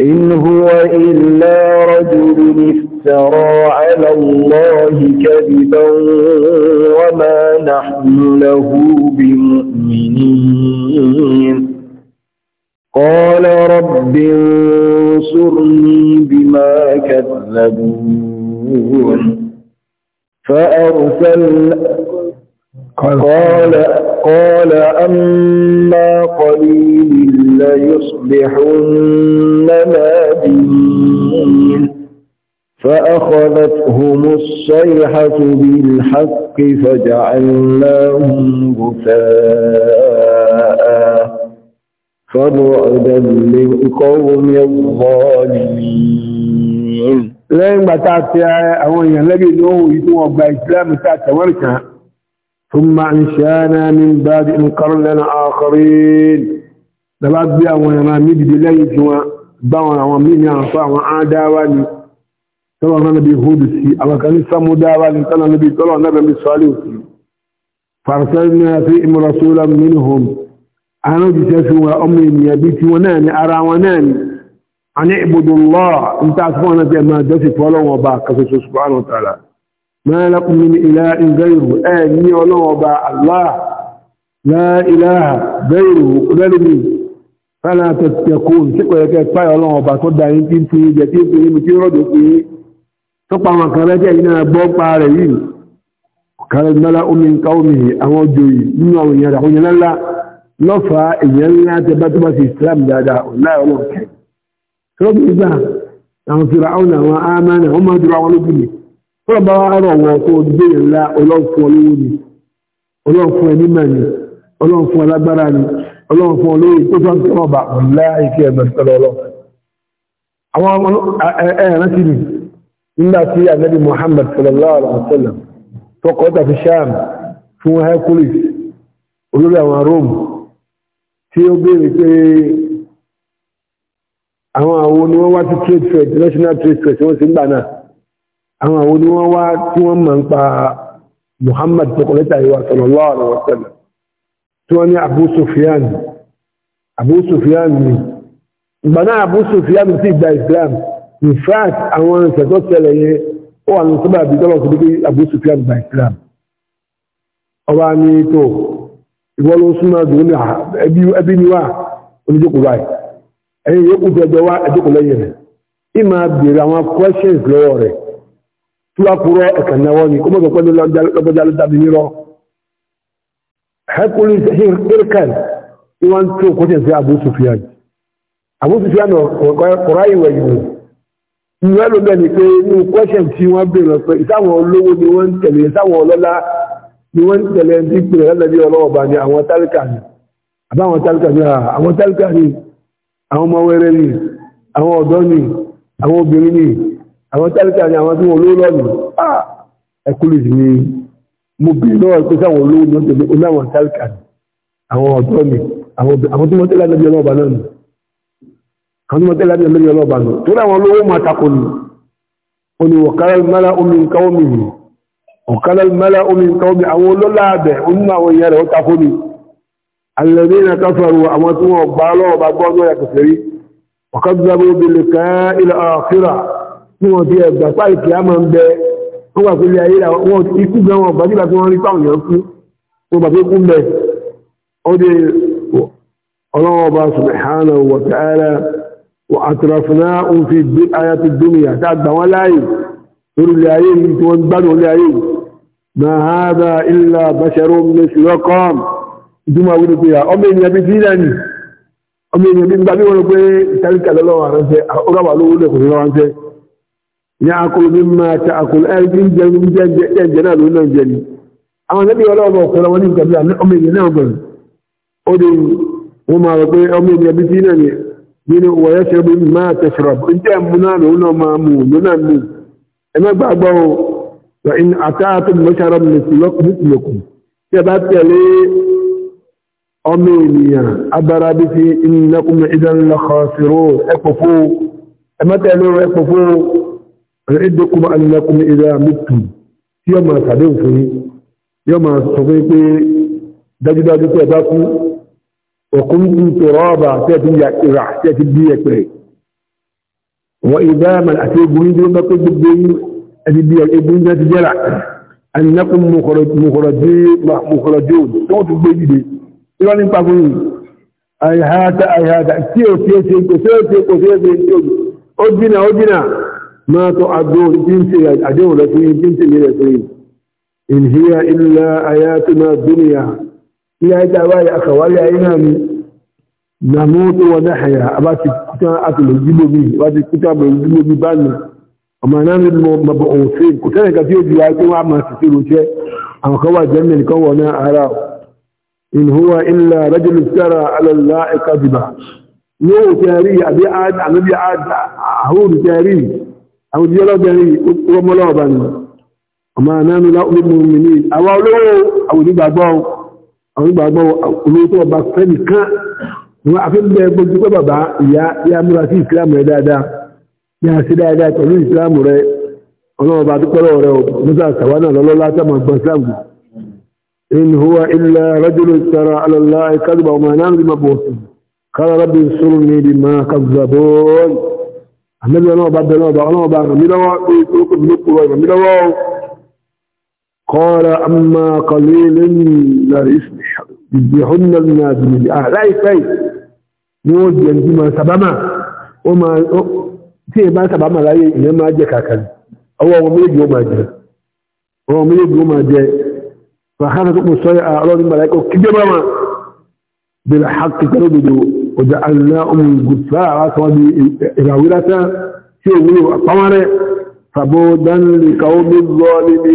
إن هو إلا رجل افترى على الله كذبا وما نحن له بمؤمنين قال رب انصرني بما كذبون فأرسل قال قال أما قليل ليصبحن نادمين فأخذتهم الصيحة بالحق فجعلناهم غثاء فبعدا للقوم الظالمين lẹ́yìn gbà tá a ti àwọn èèyàn lẹ́bí ní ohun yìí tí wọ́n gba ìsìláàmù tá a tẹ̀wọ́n kan fún ma ń ṣáánà ní bá di nǹkan lẹ́nà àkọrí dábà bí àwọn èèyàn mi dìde lẹ́yìn tí wọ́n bá wọn àwọn míì ní àwọn fún àwọn ádáwá ni tọ́lọ̀ náà níbi hudu sí àwọn kan ní samudáwá ni tọ́lọ̀ níbi tọ́lọ̀ náà níbi sọ́lẹ̀ sí farsal náà fi imrasúlá minhum àwọn òjíṣẹ́ fi ọmọ ènìyàn bí wọn náà ni ara wọn náà ni a ní ìbòdó lọ́ ń ta fún ọ̀nà tẹ́ máa jọ́sì fún ọba kasoso subhanahu wa ta'ala ma lakum min ilahin ghayruhu ní ọlọ́wọ́ ọba allah la ilaha ghayruhu rẹ́lùmí fẹ́lá tẹ̀kọ́ ọba tí tó lọ́fà èèyàn ńlá tẹ bá tó sí islam dáadáa ọ̀láì ọlọ́run kẹ́ tọ́lọ́bù nígbà àwọn fìrà àwọn àwọn amánà wọ́n máa dúró àwọn ológun ni tọ́lọ́ bá wá rọ̀ wọ́n kó gbéyà ńlá ọlọ́fún olówó ni ọlọ́fún ni ọlọ́fún alágbára ni ọlọ́fún tó tọ́lọ́ lọ. àwọn nígbà tí anabi muhammad tí ó béèrè pé àwọn àwọn ni wọ́n wá sí trade fair international trade fair tí wọ́n sì ń gbà náà àwọn àwọn ni wọ́n wá tí wọ́n mọ̀ ń pa Muhammad tọkọlẹ́ta ìwà sallallahu alaihi wasallam tí wọ́n ní Abu Sufyan Abu Sufyan ni ìgbà náà Abu Sufyan ti gba Islam in fact àwọn ìṣẹ̀tọ́ tẹ̀lẹ̀ yẹn ó wà ní sábà bí tọ́lọ̀ sí pé Abu Sufyan gba Islam ọba ní tó ìwọ ló súnmọ́ dùn ní ẹbí ni wá oníjókòó báyìí ẹ̀yìn yóò kúta ẹjọ́ wá ẹjókòó lẹ́yìn rẹ̀ ì máa bèèrè àwọn questions lọ́wọ́ rẹ̀ tí wàá kúrọ́ ẹ̀kà náwọ́ ni kó mọ̀ pẹ́ ní lọ́gbọ́já ló tàbí nírọ́ hercules hirkan ni wọ́n tó questions sí Abu Sufyan Abu Sufyan kọ̀rọ̀ ìwẹ̀ yìí ìwẹ́ ló bẹ̀ ni pé ní questions tí wọ́n bèèrè lọ pé ìsáwọn olówó ni wọ́n tẹ̀lé ìsáwọn ọlọ́lá ni wọ́n ń tẹ̀lé ẹni tí pèrè lẹ́lẹ́bí ọlọ́ọ̀bá ni àwọn tálíkà ni àbáwọn tálíkà ni àwọn tálíkà ni àwọn ọmọ wẹ́rẹ́ ni àwọn ọ̀dọ́ ni àwọn obìnrin ni àwọn tálíkà ni àwọn tí wọ́n olówó lọ́nà ẹkùlùsì ni mo bèèrè lọ́wọ́ pé sáwọn olówó ni wọ́n tẹ̀lé onáwọn tálíkà ni àwọn ọ̀dọ́ ni àwọn tí wọ́n tẹ̀lé lẹ́lẹ́bí ọlọ́ọ̀bá náà ni àwọn tí wọ́n tẹ̀lé lẹ́lẹ́bí ọlọ́ọ̀bá náà tó وقال الملأ من قوم أول لا به أمة ويره وتقولي الذين كفروا أموتوا وبالوا وبقوا يكفري وكذبوا بلقاء الآخرة ثم في الدفاع القيامة به هو كل يلا هو يكون جوا بدي بس ما نقول يكون هو بدي يكون به أودي الله سبحانه وتعالى وأترفناهم في الآيات الدنيا تعد ولاي تقول لي أيه تقول بدو لي أيه na ha baa rila a bachasink jail ya omeenye b mba b a okpene ari ka al a ọ kwee e ya akụụma a akụ n al n ma ne e wra ọgọ kwere wanye nke na o oe na mee ebehe n nya e wa ya abe bi ma ya heharọ bụ nte mm na ala ny ma mna eme ba agba وإن أتعتم بشرا مثلكم تبتلي أمينيا أبرابتي إنكم إذا لخاسرون أكفوا أما تألون أكفوا أعدكم أنكم إذا متم يوم أصدقوا فيه يوم أصدقوا دجدا جدا باكم وكنتم ترابا تأتي إرح تأتي بيك وإذا من أتيبوا يدرون بكم بالدين ẹ̀dìdì ẹgbùn jẹ́ ti jẹ́ra ẹ̀nìyàkùn mọ̀kọ̀rọ̀dún tó tún gbé dìde ìwọ́n ní pàfún yìí àìhàtà àìhàtà tí ó tí ó tí ó tí ó tí ó tí ó tí ó tí ó jìnà ó jìnà máa tó àdéhùn rẹ̀ fún yìí tí ń tèmi rẹ̀ fún yìí in hiya illa ayatuna dunya iya ita náà ni a bá ti kúta àti lòjúlómi bá ti kúta lòjúlómi bá ní ọmọ náà ní mọ̀bọ̀ òfin kò tẹ́lẹ̀ kàtí ó di wá pé wọ́n á máa fìfì rúṣẹ́ àwọn kan wà jẹ́mẹ̀ nìkan wọ̀ náà ara in huwa illa rajul tara alalla ikadiba yóò tẹ́rí àbí ànábí àhóòrù tẹ́rí àwọn ìdíyẹ́ lọ́gbẹ̀rin rọmọlọ́ọ̀bà ni ọmọ náà ní láwọn olómi ní àwa olówó àwọn onígbàgbọ́ àwọn onígbàgbọ́ olówó tó ọba ní àṣẹ dáadáa pẹ̀lú ìsìláàmù rẹ ọlọ́run bá dúpẹ́ lọ́wọ́ rẹ o musa sàwánà lọ́lọ́lá sàmà gbọ́n sàmù in huwa illa rajulu tara alala ikadba ọmọ náà ní mabọ kára rabbi sọrọ ní ibi máa kàzàbọ àmẹ́bí ọlọ́run bá bẹ ọlọ́run bá ràn mí tí ẹ bá ń sábà máa láyé ìyẹn máa jẹ kàkàlì ọwọ́ ọmọ méjì ó máa jẹ ọmọ méjì ó máa jẹ fàhánà tó kù sọ́yà ah, ọlọ́run màláìkọ́ kígbé bá wọn bẹ̀rẹ̀ hàkì pẹ̀lú òdòdó ọjà àlùlá ọmọ ìgùsà àwọn bí ìràwé lásán tí ò wúlò àpamọ́ rẹ̀ fàbó dánilè káwó mi lọ níbi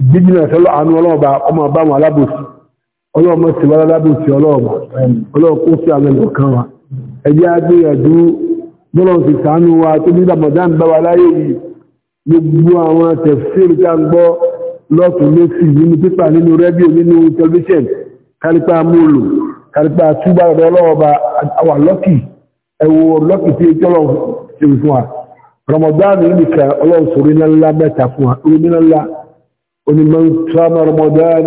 ìgbéjìnà sọ́lọ́ àánú ọlọ́ọ̀bà ọmọ bá wọn alábòsí ọlọ́ọ̀mọ́ sì wọn alábòsí ọlọ́ọ̀bà ọlọ́ọ̀kú sí àwọn ẹ̀kọ́ kan wa ẹ̀jẹ̀ á bọ́lọ̀ sì sàánú wa tó bí Ramadan bá wa láyé yìí gbogbo àwọn tẹ̀fẹ́rù tí a ń gbọ́ lọ́tún lọ́sì nínú pípà nínú rẹ́díò nínú tẹlifíṣàn kárípà múlò kárípà túbà rẹ̀ ọlọ́ọ̀ba àwà lọ́kì ẹ̀wọ̀ lọ́kì tí ó tọ́lọ̀ ṣe fún wa Ramadan nìkan ọlọ́run sọ̀rọ̀ iná ńlá mẹ́ta fún wa orí iná ńlá onímọ̀ sáàmà Ramadan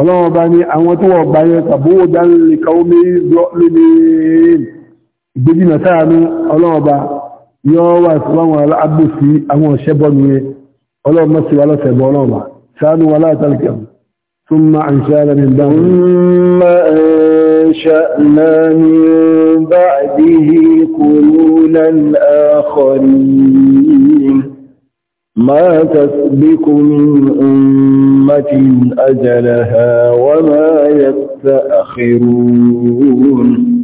ọlọ́wọ́ bá ní àwọn tó wọ́n báyẹ tàbówó dánilè káwọ́mí lónìí ìgbéjìnà sáàánú ọlọ́wọ́ bá yọ́ wà síwáwọn alábòsí àwọn ọ̀ṣẹ́bọ́ nìyẹn ọlọ́wọ́ mọ́sí wà lọ́sẹ̀bọ́ ọlọ́wọ́ sáàánú wà látàlùkẹ́ ثم أنشأنا من بعد ثم أنشأنا من بعده قرونا آخرين ما تسبق من أمة أجلها وما يستأخرون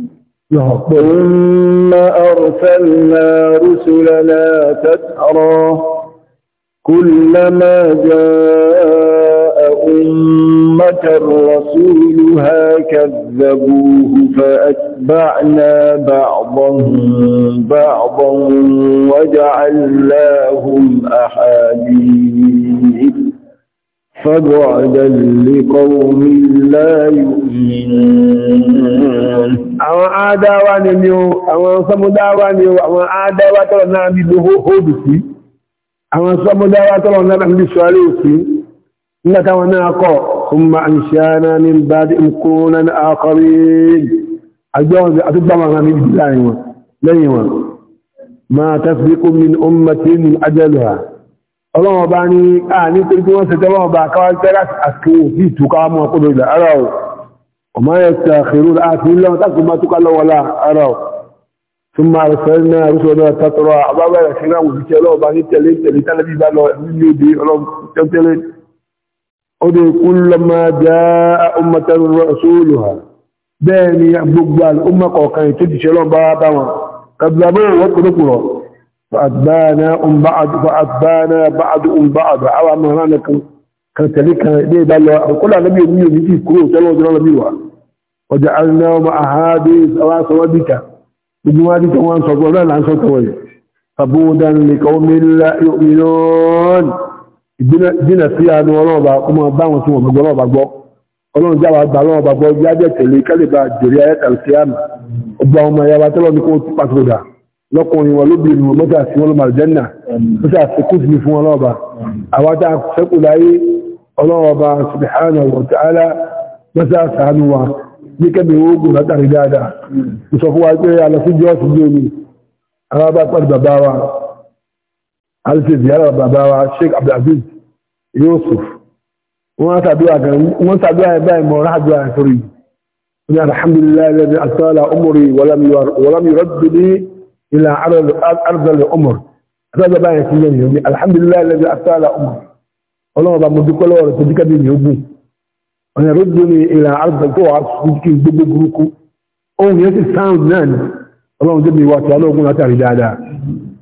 ثم أرسلنا رسلنا تترى كلما جاء أمة صدق الرسول ها كذبوه فأتبعنا بعضهم بعضا وجعلناهم أحاديث فبعدا لقوم لا يؤمنون أو عادوان اليوم أو صمداوان اليوم أو عادوات النبي هود في أو صمداوات النبي سالوسي نكوانا أكو ثم أنشانا من بعدهم قرونا آخرين أجوز أتبعنا من بلانيوا لنيوا ما تسبق من أمة أجلها الله باني آني تلقوا ستبعوا باكوا الثلاث أسكوا في تقاموا قدوا إلى أروا وما يستاخرون آتوا الله تأكل ما تقالوا ولا أروا ثم أرسلنا رسولنا تطرى أبابا يا شنام وفي الله باني تلين تلين تلين تلين تلين تلين تلين أدي كلما جاء أمة رسولها باني بقبال الأمة قوكاين تدشي لهم بابا كذبوا وكذبوا فأتبانا أم بعد فأتبانا بعد أم بعد أو أمهانا كانت لك ليه بل كل نبي ومي ومي كروه سلوه جلال نبيوها وجعلناهم أحاديث أواس وبك بجوادك وانصر ولا لانصر كوي فبودا لقوم لا يؤمنون ìgbìnà sí àánú ọlọ́run bá kó máa báwọn tí wọ́n gbogbo ọlọ́run bá gbọ́ ọlọ́run jáwà gbà ọlọ́run bá gbọ́ yájẹ́ tẹ̀lé kálíbà jèrè ayẹ́tà sí àmì ọgbà ọmọ ẹ̀yà wa tẹ́lọ̀ ní kó ti pàtàkì lọ́kùnrin wọn lóbìnrin wọn mọ́tà sí wọn lọ́màlì jẹ́nà mọ́tà sí kú sí fún ọlọ́run bá àwọn tá a sẹ́kù láyé ọlọ́run bá subhanahu wa ta'ala mọ́tà sàánú wa ní kẹ́mi ogun látàrí dáadáa ìsọfún wa pé alọ́síjọ́ sí bí omi àwọn bá pàdé bàbá wa هل في زيارة بابا الشيخ عبد العزيز يوسف وما تعدوها كان وما تعدوها باين ما راح تعدوها سوري الحمد لله الذي أصال أمري ولم ير... ولم يرد لي إلى عرض أرض الأمر هذا باين في الحمد لله الذي أصال أمري ọlọ́run bá mo كل ورد rẹ̀ tó díkẹ́ أنا mi ó gùn ọ̀nà ìrọ́jú ní ilẹ̀ بروكو tó wà kí gbogbo burúkú ohun واتي الله sound náà ni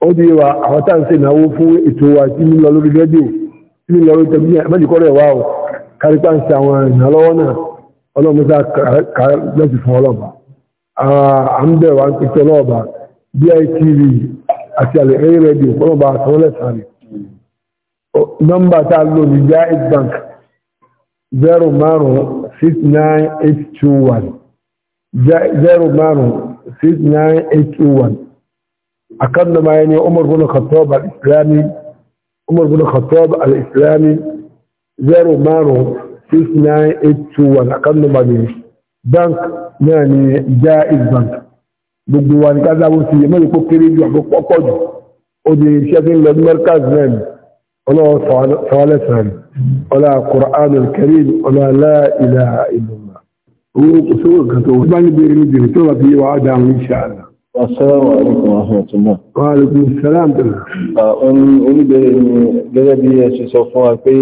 ó di wa àwọn tá à ń ìnáwó fún ètò wa tí ń lọ lórí rédíò tí ń lọ lórí tẹ̀bí mẹ́jìkọ́ rẹ̀ wá o kárí ń ṣe àwọn ìrànlọ́wọ́ náà ọlọ́mọdé ká lẹ́sì fún ọlọ́ba à ń bẹ̀rẹ̀ wá ń pèsè bitv àti àlẹ́ ọlọ́ba rẹ̀ nọ́mbà tá a lò ní Bank zero márùn six nine eight two six nine eight two one. أكد ما يعني عمر بن الخطاب الإسلامي عمر بن الخطاب الإسلامي زيرو مانو 6981 أكد ما يعني بنك يعني جائز بنك بقوان كذا وسيء ما يكون كريم يحبك وقود ودي شاكين للمركز نعم ولا صالة سهل ولا قرآن الكريم ولا لا إله إلا الله هو أصول كتوب ما نبيري مدري توبة في وعدها إن شاء الله Assalamu alaikum wa rahmatullah. Wa alaikum salam. Uh, Oníbẹ̀rẹ̀ ni gẹ́gẹ́ bí ẹ ṣe sọ fún wa pé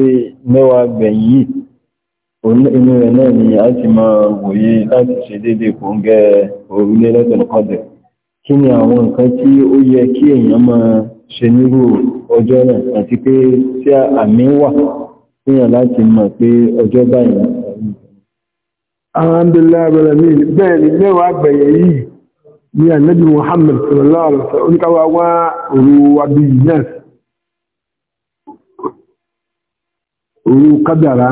mẹ́wàá gbẹ̀yìn inú rẹ̀ náà ni a ti máa wòye láti ṣe déédéé kò ń gẹ orílẹ̀ lẹ́tọ̀ọ́ kọ́dẹ̀. Kí ni àwọn nǹkan tí ó yẹ kí èèyàn máa ṣe nírú ọjọ́ náà àti pé tí àmì wà fíyàn láti mọ̀ pé ọjọ́ báyìí. Alhamdulillah bẹ̀rẹ̀ mi mẹ́wàá gbẹ̀yìn yìí ní ànábì Muhammad sallallahu alaihi wasallam oníkàwà wá òru abiyì náà òru kádàrá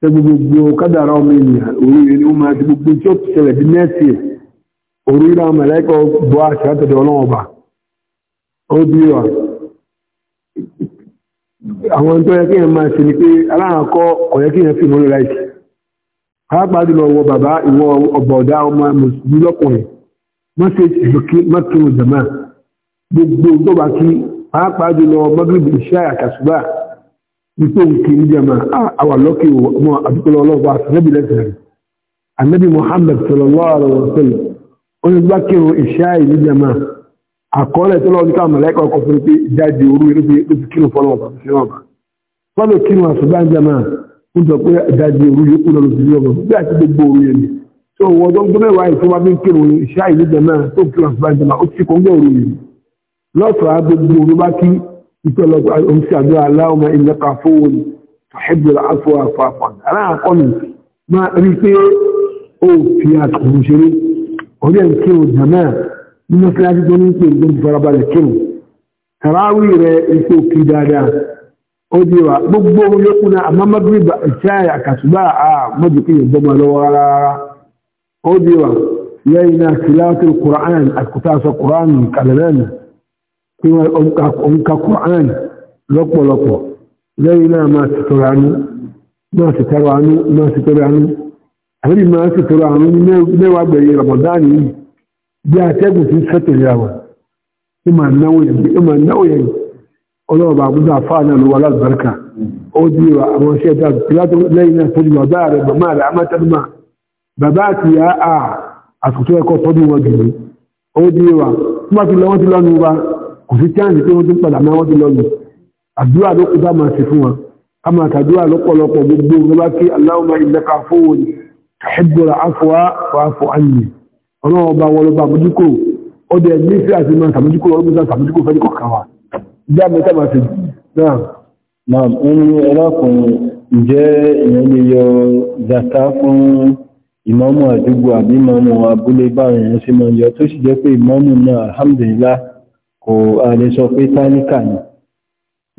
tẹ gbogbo kádàrá ọmọ ènìyàn òru ẹni ó máa ti gbogbo tí ó ti ṣẹlẹ̀ bí mẹ́ẹ̀tì òru ìlà mẹ̀lẹ́kọ̀ bọ́ àṣà àtẹ̀dẹ̀ ọlọ́wọ̀ba ó bí wà àwọn tó yẹ kí èèyàn máa ṣe ni pé aláàkọ́ ọ̀yẹ́ kí èèyàn fi mọ́ láìsí pàápàá jùlọ wọ bàbá ìwọ ọ̀bọ̀dá ọmọ mùsùlùmí lọ́kùnrin mọ́sẹ̀jì mọ́kìrò jama gbogbo tó bá kí pàápàá jùlọ magrib iṣẹ́ àkàṣùgbà wípé òkè ní jama àwà lọ́kì ọmọ àdúgbò ọlọ́wọ́ àṣẹ́bí lẹ́sẹ̀rẹ̀ annabi muhammad sallallahu alaihi wa sallam wọ́n gbá kírò iṣẹ́ ní jama àkọọ́lẹ̀ tó lọ́wọ́ nípa mọ̀lẹ́kà ọkọ̀ fún pé jáde orú irú pé ó ti kírò fọlọ́wọ́ bàbá sí ọba fọlọ́ kírò àṣùgbà jama ń sọ pé jáde orú yókù lọ́wọ́ sí tó wọ́n tó ń gbé mẹ́wàá yìí tó wá bí ń kírun ìṣá ìlú jẹ̀mẹ́ tó ń kírun àṣìbá ìjọba ó ti kó ń gbé òru yìí lọ́sàá gbogbo òru bá kí ìtọ́ lọ òun sí àdúrà aláwọ̀mọ ilẹ̀ kan fóun àṣẹbùrà afọ àfọàfọ aláàkọ́ ni máa rí pé ó fi àtùkù ṣeré orí ẹ̀ ń kírun jẹ̀mẹ́ ní mọ́sálásí tó ní pé ìgbóhùn farabalẹ̀ kírun tàràwì rẹ̀ èso kí dáadáa odiwa gbogbo yókù àmọ́ mọ́gbìrì ìṣáà àkàtúbà àà kí yóò gbọ́mọ lọ́wọ́ rárá قدوة لينا تلاوة القرآن الكتاب القرآن كلمان كما أمك قرآن لقو لقو لينا ما تترعنو ما تترعنو ما تترعنو هل ما تترعنو ما وابي رمضاني جاء تبو في ستة جاوة إما النوي إما النوي ọlọ́wọ́ bá búdá fáànà lọ́wọ́ lásìbárkà ó díwà àwọn ṣẹ́ta tìlátọ̀ lẹ́yìn náà tó jùlọ dáa rẹ̀ bàmá rẹ̀ amátẹ́lùmáà bàbá àti ìyá à àsìkò ẹ̀kọ́ tọ́dún wọn jù ní ó dí wa tí wọ́n ti lọ wọ́n ti lọ́nu wa kò sí chance pé wọ́n ti padà máa wọ́n ti lọ́nu àdúrà ló kú bá máa ṣe fún wọn a máa tàdúrà lọ́pọ̀lọpọ̀ gbogbo wọn bá kí Allahumma innaka afuwwun tuhibbul afwa fa'fu anni ọlọ́run ọba wọn ló bá àmójúkò ó dẹ̀ ní sí àti máa sàmójúkò wọn ló sàmójúkò fẹ́ nìkan kan wa ìjà mi tá máa ṣe náà. náà ń ní ẹlọ́kùnrin ǹjẹ́ ìyẹn lè yọ zaka fún ìmọ́mù àdúgbò àbí ìmọ́mù abúlé báwọn èèyàn sí mọ́ yọ tó sì jẹ́ pé ìmọ́mù náà alhamdulillah kò ààrẹ sọ pé tálíkà ní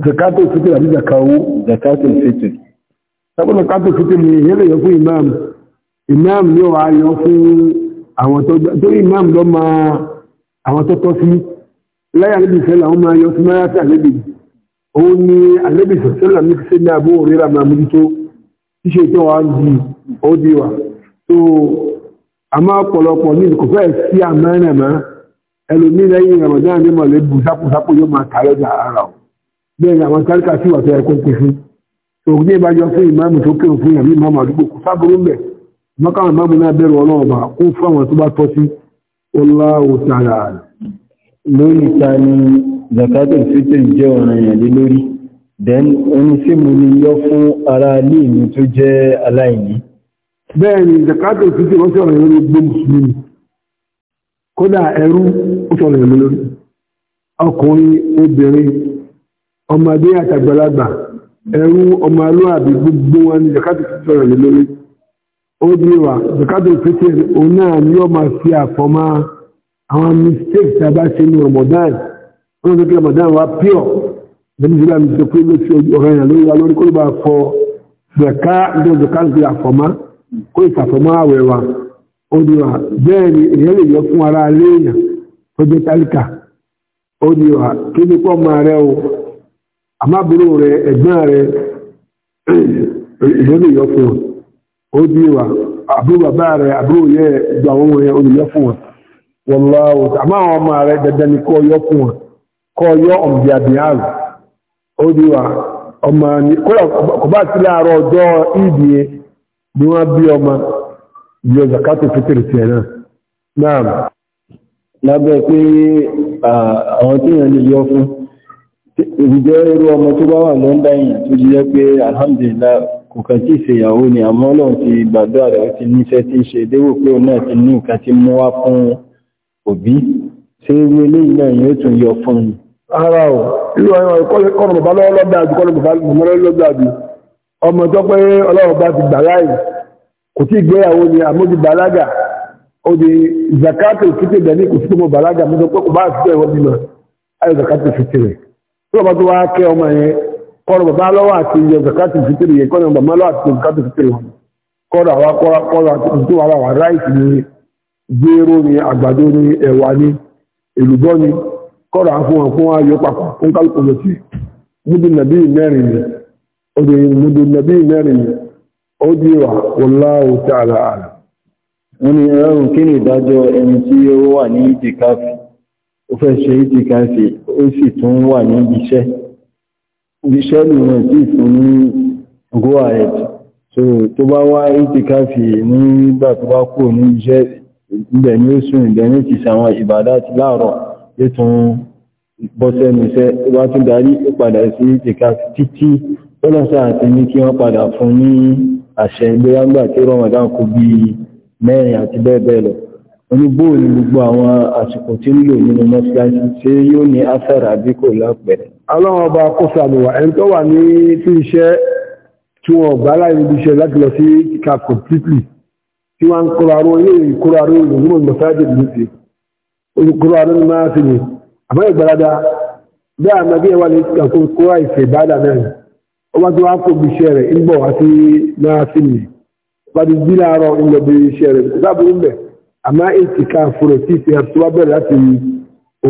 zakato fitr àbí zakawo ni èyàn lè yọ fún imam imam yóò wá yọ fún imam lọ ma àwọn tó tọ́ sí láyà níbi ìfẹ́ làwọn máa yọ sí máyà sí àlébi òun ni àlébi sọ̀sẹ́là ní sẹ́lẹ̀ àbúrò rírà máa mójútó tó wà á di ó di A àmọ́ ọ̀pọ̀lọpọ̀ ní kò fẹ́ sí àmẹ́rẹ̀ mọ́ ẹlòmí lẹ́yìn ramadan ní mọ̀lẹ́ bù sápòsápò yóò máa tààrẹ́ jà ara ọ̀ bẹ́ẹ̀ ni àwọn táríkà sí ọ̀tọ̀ ẹ̀kọ́ pín fún so ní ìbájọ́ fún ìmáàmù tó kéwòn fún ìyàmí ìmáàmù àdúgbò kò sábúrú mbẹ̀ mọ́kàwọn ìmáàmù náà bẹ̀rù ọlọ́run bá kún fún àwọn tó bá tọ́ sí Allahu lórí ta ni zakatul fitr jẹ́ ọ̀ràn lórí then oníṣẹ́ mo ni yọ fún ara ilé mi tó jẹ́ aláìní bẹ́ẹ̀ ni zakato fiti wọ́n sọ̀rọ̀ lórí gbé mùsùlùmí kódà ẹrú ó sọ̀rọ̀ ìlú lórí ọkùnrin obìnrin ọmọdé àtàgbàlagbà ẹrú ọmọlúwàbí gbogbo wọn ni zakato fiti sọ̀rọ̀ ìlú lórí ó di wa zakato fiti òun náà ni ó máa fi àfọmọ́ àwọn mistakes tá a bá ṣe ní Ramadan wọ́n sọ pé Ramadan wa pure lẹ́nu ìjọba mi sọ pé ló fi ọ̀rọ̀ ìrìn lórí wa lórí kó ló bá fọ zaka ìjọba zakato fi àfọmọ́ kó ìfàfọ́mọ́ àwẹ̀ wa ó ní wa bẹ́ẹ̀ ni èèyàn lè yọ fún ara léèyàn tó jẹ́ tálíkà ó ní wa kí ni rẹ o àmábúrò rẹ ẹ̀gbọ́n rẹ èèyàn lè yọ fún ó ní wa àbúrò bàbá rẹ àbúrò yẹ ju àwọn ọmọ yẹn ó lè yọ fún wọn rẹ dandan bí wọ́n bí ọmọ bí ọjà káàtò fítìrì tí ẹ̀nà náà lábẹ́ pé àwọn tí èèyàn lè yọ fún ìjẹ́ irú ọmọ tó bá wà lọ́ndà yìí tó jíjẹ́ pé alhamdulillah kò kàn tí ìṣèyàwó ni àmọ́ Ọlọ́run ti gbàdúrà rẹ̀ ó ti níṣẹ́ tí ń ṣe déwò pé òun náà ti ní nǹkan tí mú wá fún òbí ṣé irú eléyìí náà yóò tún yọ fún un. ara ò irú àwọn ìkọ́lẹ̀ bàbá lọ́wọ́ lọ́dà àdúgbò ọmọ tó pé ọlọ́run bá ti gbà láàyè kò tí ìgbéyàwó ni àmójú bàlágà ó di zakato ìfúté ìdání kò sí tó mọ bàlágà mú tó pé kò bá àti ẹ̀wọ́ bímọ ayọ̀ zakato ìfúté rẹ̀ tí ọmọ tó wá kẹ́ ọmọ yẹn kọ́rọ̀ bàbá lọ́wọ́ àti yọ zakato ìfúté rẹ̀ kọ́rọ̀ bàbá lọ́wọ́ àti zakato ìfúté rẹ̀ kọ́rọ̀ àwa kọ́rọ̀ àti wàrà wà ráìsì ni gbèrò ni àgbàdo ni ẹ̀wà ni èlùbọ́ ni kọ́rọ̀ àfọwọ́n fún wa yọ papọ̀ fún kálukú lọ odi mudu nabi mẹ́rin odi wa wallahu ta'ala ala wọ́n ni ẹ̀rùn kí ni ìdájọ́ ẹni tí ó wà ní ìtìkáfì ó fẹ́ ṣe ìtìkáfì ó sì tún wà ní iṣẹ́ iṣẹ́ nìwọ̀n tí fún ní go ahead so tó bá wá ìtìkáfì nígbà tó bá kú ní iṣẹ́ ibẹ̀ ni ó sùn ibẹ̀ ti sàwọn ìbàdá ti láàárọ̀ yóò tún bọ́sẹ́nu tó bá tún darí ó padà sí ìtìkáfì títí ọlọ́sà àti ní kí wọ́n padà fún ní àṣẹ ìgbéyàgbà tí Ramadan kò bí mẹ́rin àti bẹ́ẹ̀bẹ́ẹ̀ lọ oníbóòlù gbogbo àwọn àsìkò tí ń lò nínú mọ́síláṣí tí yóò ní afẹ́rà bí kò lápẹ̀rẹ̀. aláwọn ọba kó sàmùwà ẹni tó wà ní tí iṣẹ́ tí wọ́n gbá láì níbi iṣẹ́ láti lọ sí kíkà completely tí wọ́n ń kóra ró ilé ìkóra ró ìgbìmọ̀ mọ́sáájì ìlú ti olùkóra ró ní máa ti ní àmọ́ ìgbàlada bí àmọ́ bí ẹ wà ní kíkà kóra ìfẹ́ ìbádà náà ọba tí wàá tóbi iṣẹ́ rẹ̀ ń bọ̀ àti náà sí mi bàbá jí láàárọ̀ ń lọ bí iṣẹ́ rẹ̀ kò dábò ń bẹ̀ àmọ́ èsì ká fúnra tí ìfẹ́ tó wá bẹ̀rẹ̀ láti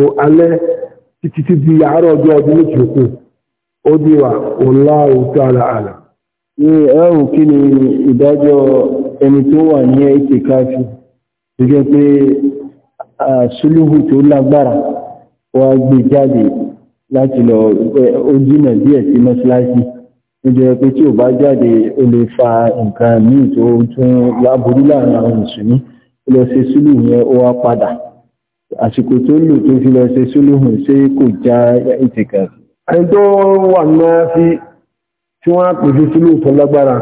o alẹ́ títí tí di àárọ̀ ọjọ́ ọdún méjì òkú ó di wà ọ̀la òótọ́ ara àlà. ṣé ẹ kí ni ìdájọ́ ẹni tó wà ní èsì káfí tó jẹ́ pé sùlùhù tó lágbára wàá gbé jáde láti lọ ojúnà díẹ̀ sí mọ́ṣáláṣí ó jẹ́ pé tí ò bá jáde ó lè fa nǹkan míì tó tún láborí láàrin àwọn mùsùlùmí ó lọ ṣe súlù yẹn ó wá padà àsìkò tó lò tó fi lọ ṣe súlù hàn ṣé kò já ìtìkà. ẹni tó wà náà sí tí wọ́n á pè sí súlù tó lágbára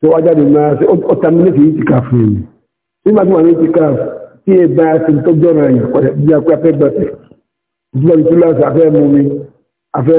tó wá jáde náà sí ó ta mi léfi ìtìkà fún mi nígbà tí wọ́n ní ìtìkà tí ẹ bá ṣe tó jọra yìí pẹ̀lú bí a pé afẹ́ gbẹ̀sẹ̀ ìjọba ìtúlọ̀ àfẹ́ mú mi afẹ́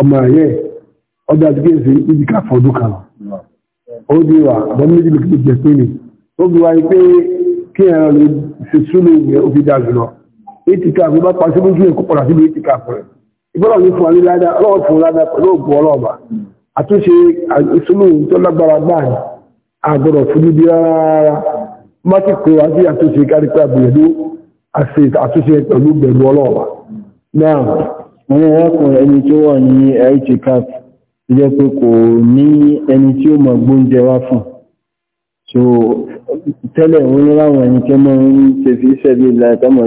ọmọ ayé ọjọ́ àdúgbò ṣe ibi ká fọdún kan ó di wà bọ́n méjì lókè jẹ pé ni ó fi wáyé pé kí ẹ̀rọ lè ṣe súnú ìyẹn ó fi dá jùlọ ètìkà àfi bá pàṣẹ lójú ẹ̀kọ́ padà síbi ètìkà fún ẹ̀ ìgbọ́dọ̀ ní fún alẹ́ ládàá ọlọ́wọ́ fún ládàá pẹ̀lú òògùn ọlọ́ọ̀bà àtúnṣe ìṣúnú tó lágbára gbáà ni àgbọ̀dọ̀ fún níbi rárá má ti pè wá sí àtúnṣe kárípẹ́ àgbèyẹ̀dó àṣe àtúnṣe pẹ̀lú bẹ̀rù ọlọ́ọ̀bà náà wọ́n yẹ́ rákùnrin ẹni tí ó wà ní itikaf tó jẹ́ pé kò ní ẹni tí ó mọ̀ gbóúnjẹ wá fún so tẹ́lẹ̀ wọ́n ní láwọn ẹni tí mọ́ ń ṣe fi ṣẹ̀bí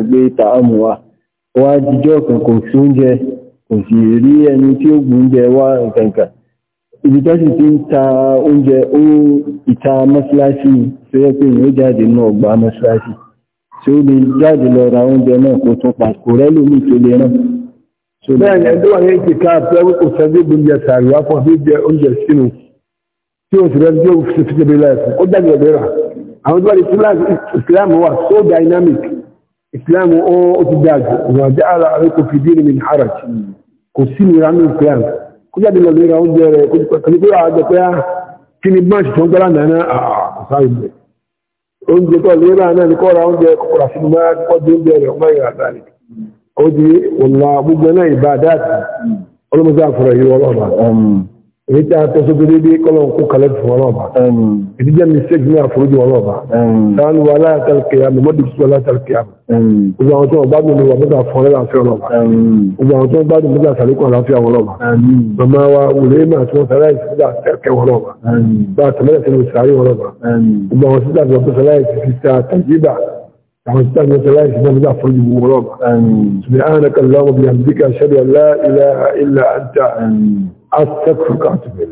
gbé tààmù wa wá jíjọ́ kan kò sí oúnjẹ kò sì rí ẹni tí ó gbóúnjẹ wá nǹkankan ibi tó sì ti ń ta oúnjẹ ó ìta mọ́síláṣí tó yẹ pé yóò jáde náà gba mọ́síláṣí tí ó lè jáde lọ ra oúnjẹ náà kó tún pa kò rẹ́lòmí tó lè rán bẹ́ẹ̀ni ẹni tó wà ní ìkíkà pé kò sẹ́jú gbóúnjẹ sàárì wá fún ọdún oúnjẹ sínú tí o sì rẹ tí o fi fi tẹ̀lé láìpẹ́ ó dàbí ọ̀dẹ́ rà àwọn tó wà ní islam wà so dynamic islam ó ti dáa jù wà jẹ́ ara rẹ kò fi dín ní haraj kò sí ní ránú islam kó jáde lọ lórí oúnjẹ rẹ kò ní pé àwọn àjọ pé á kí ni bọ́ǹsì tó ń nàná àkọsáyé bẹ̀ oúnjẹ tó lè ó di ọ̀la gbogbo náà ìbá dáàtì ọlọ́mọdé àfọ̀rọ̀ yìí ọlọ́ọ̀bà èyí tí a tọ́sọ́ tó déédéé kọ́lọ̀ kó kalẹ̀ fún ọlọ́ọ̀bà èyí jẹ́ mistake ní àforíjì ọlọ́ọ̀bà sáánù wa aláàtàlùkẹ́ yàmù mọ́dé tó aláàtàlùkẹ́ yàmù gbogbo àwọn tó bá dùn ní wà mọ́tà fún ọlọ́ọ̀bà gbogbo àwọn tó bá dùn mọ́tà sàlékún àláfíà tí wọ́n bá واستغفرك لا يشمل له فرج بمرام سبحانك اللهم وبحمدك اشهد ان لا اله الا انت استغفرك واتوب اليك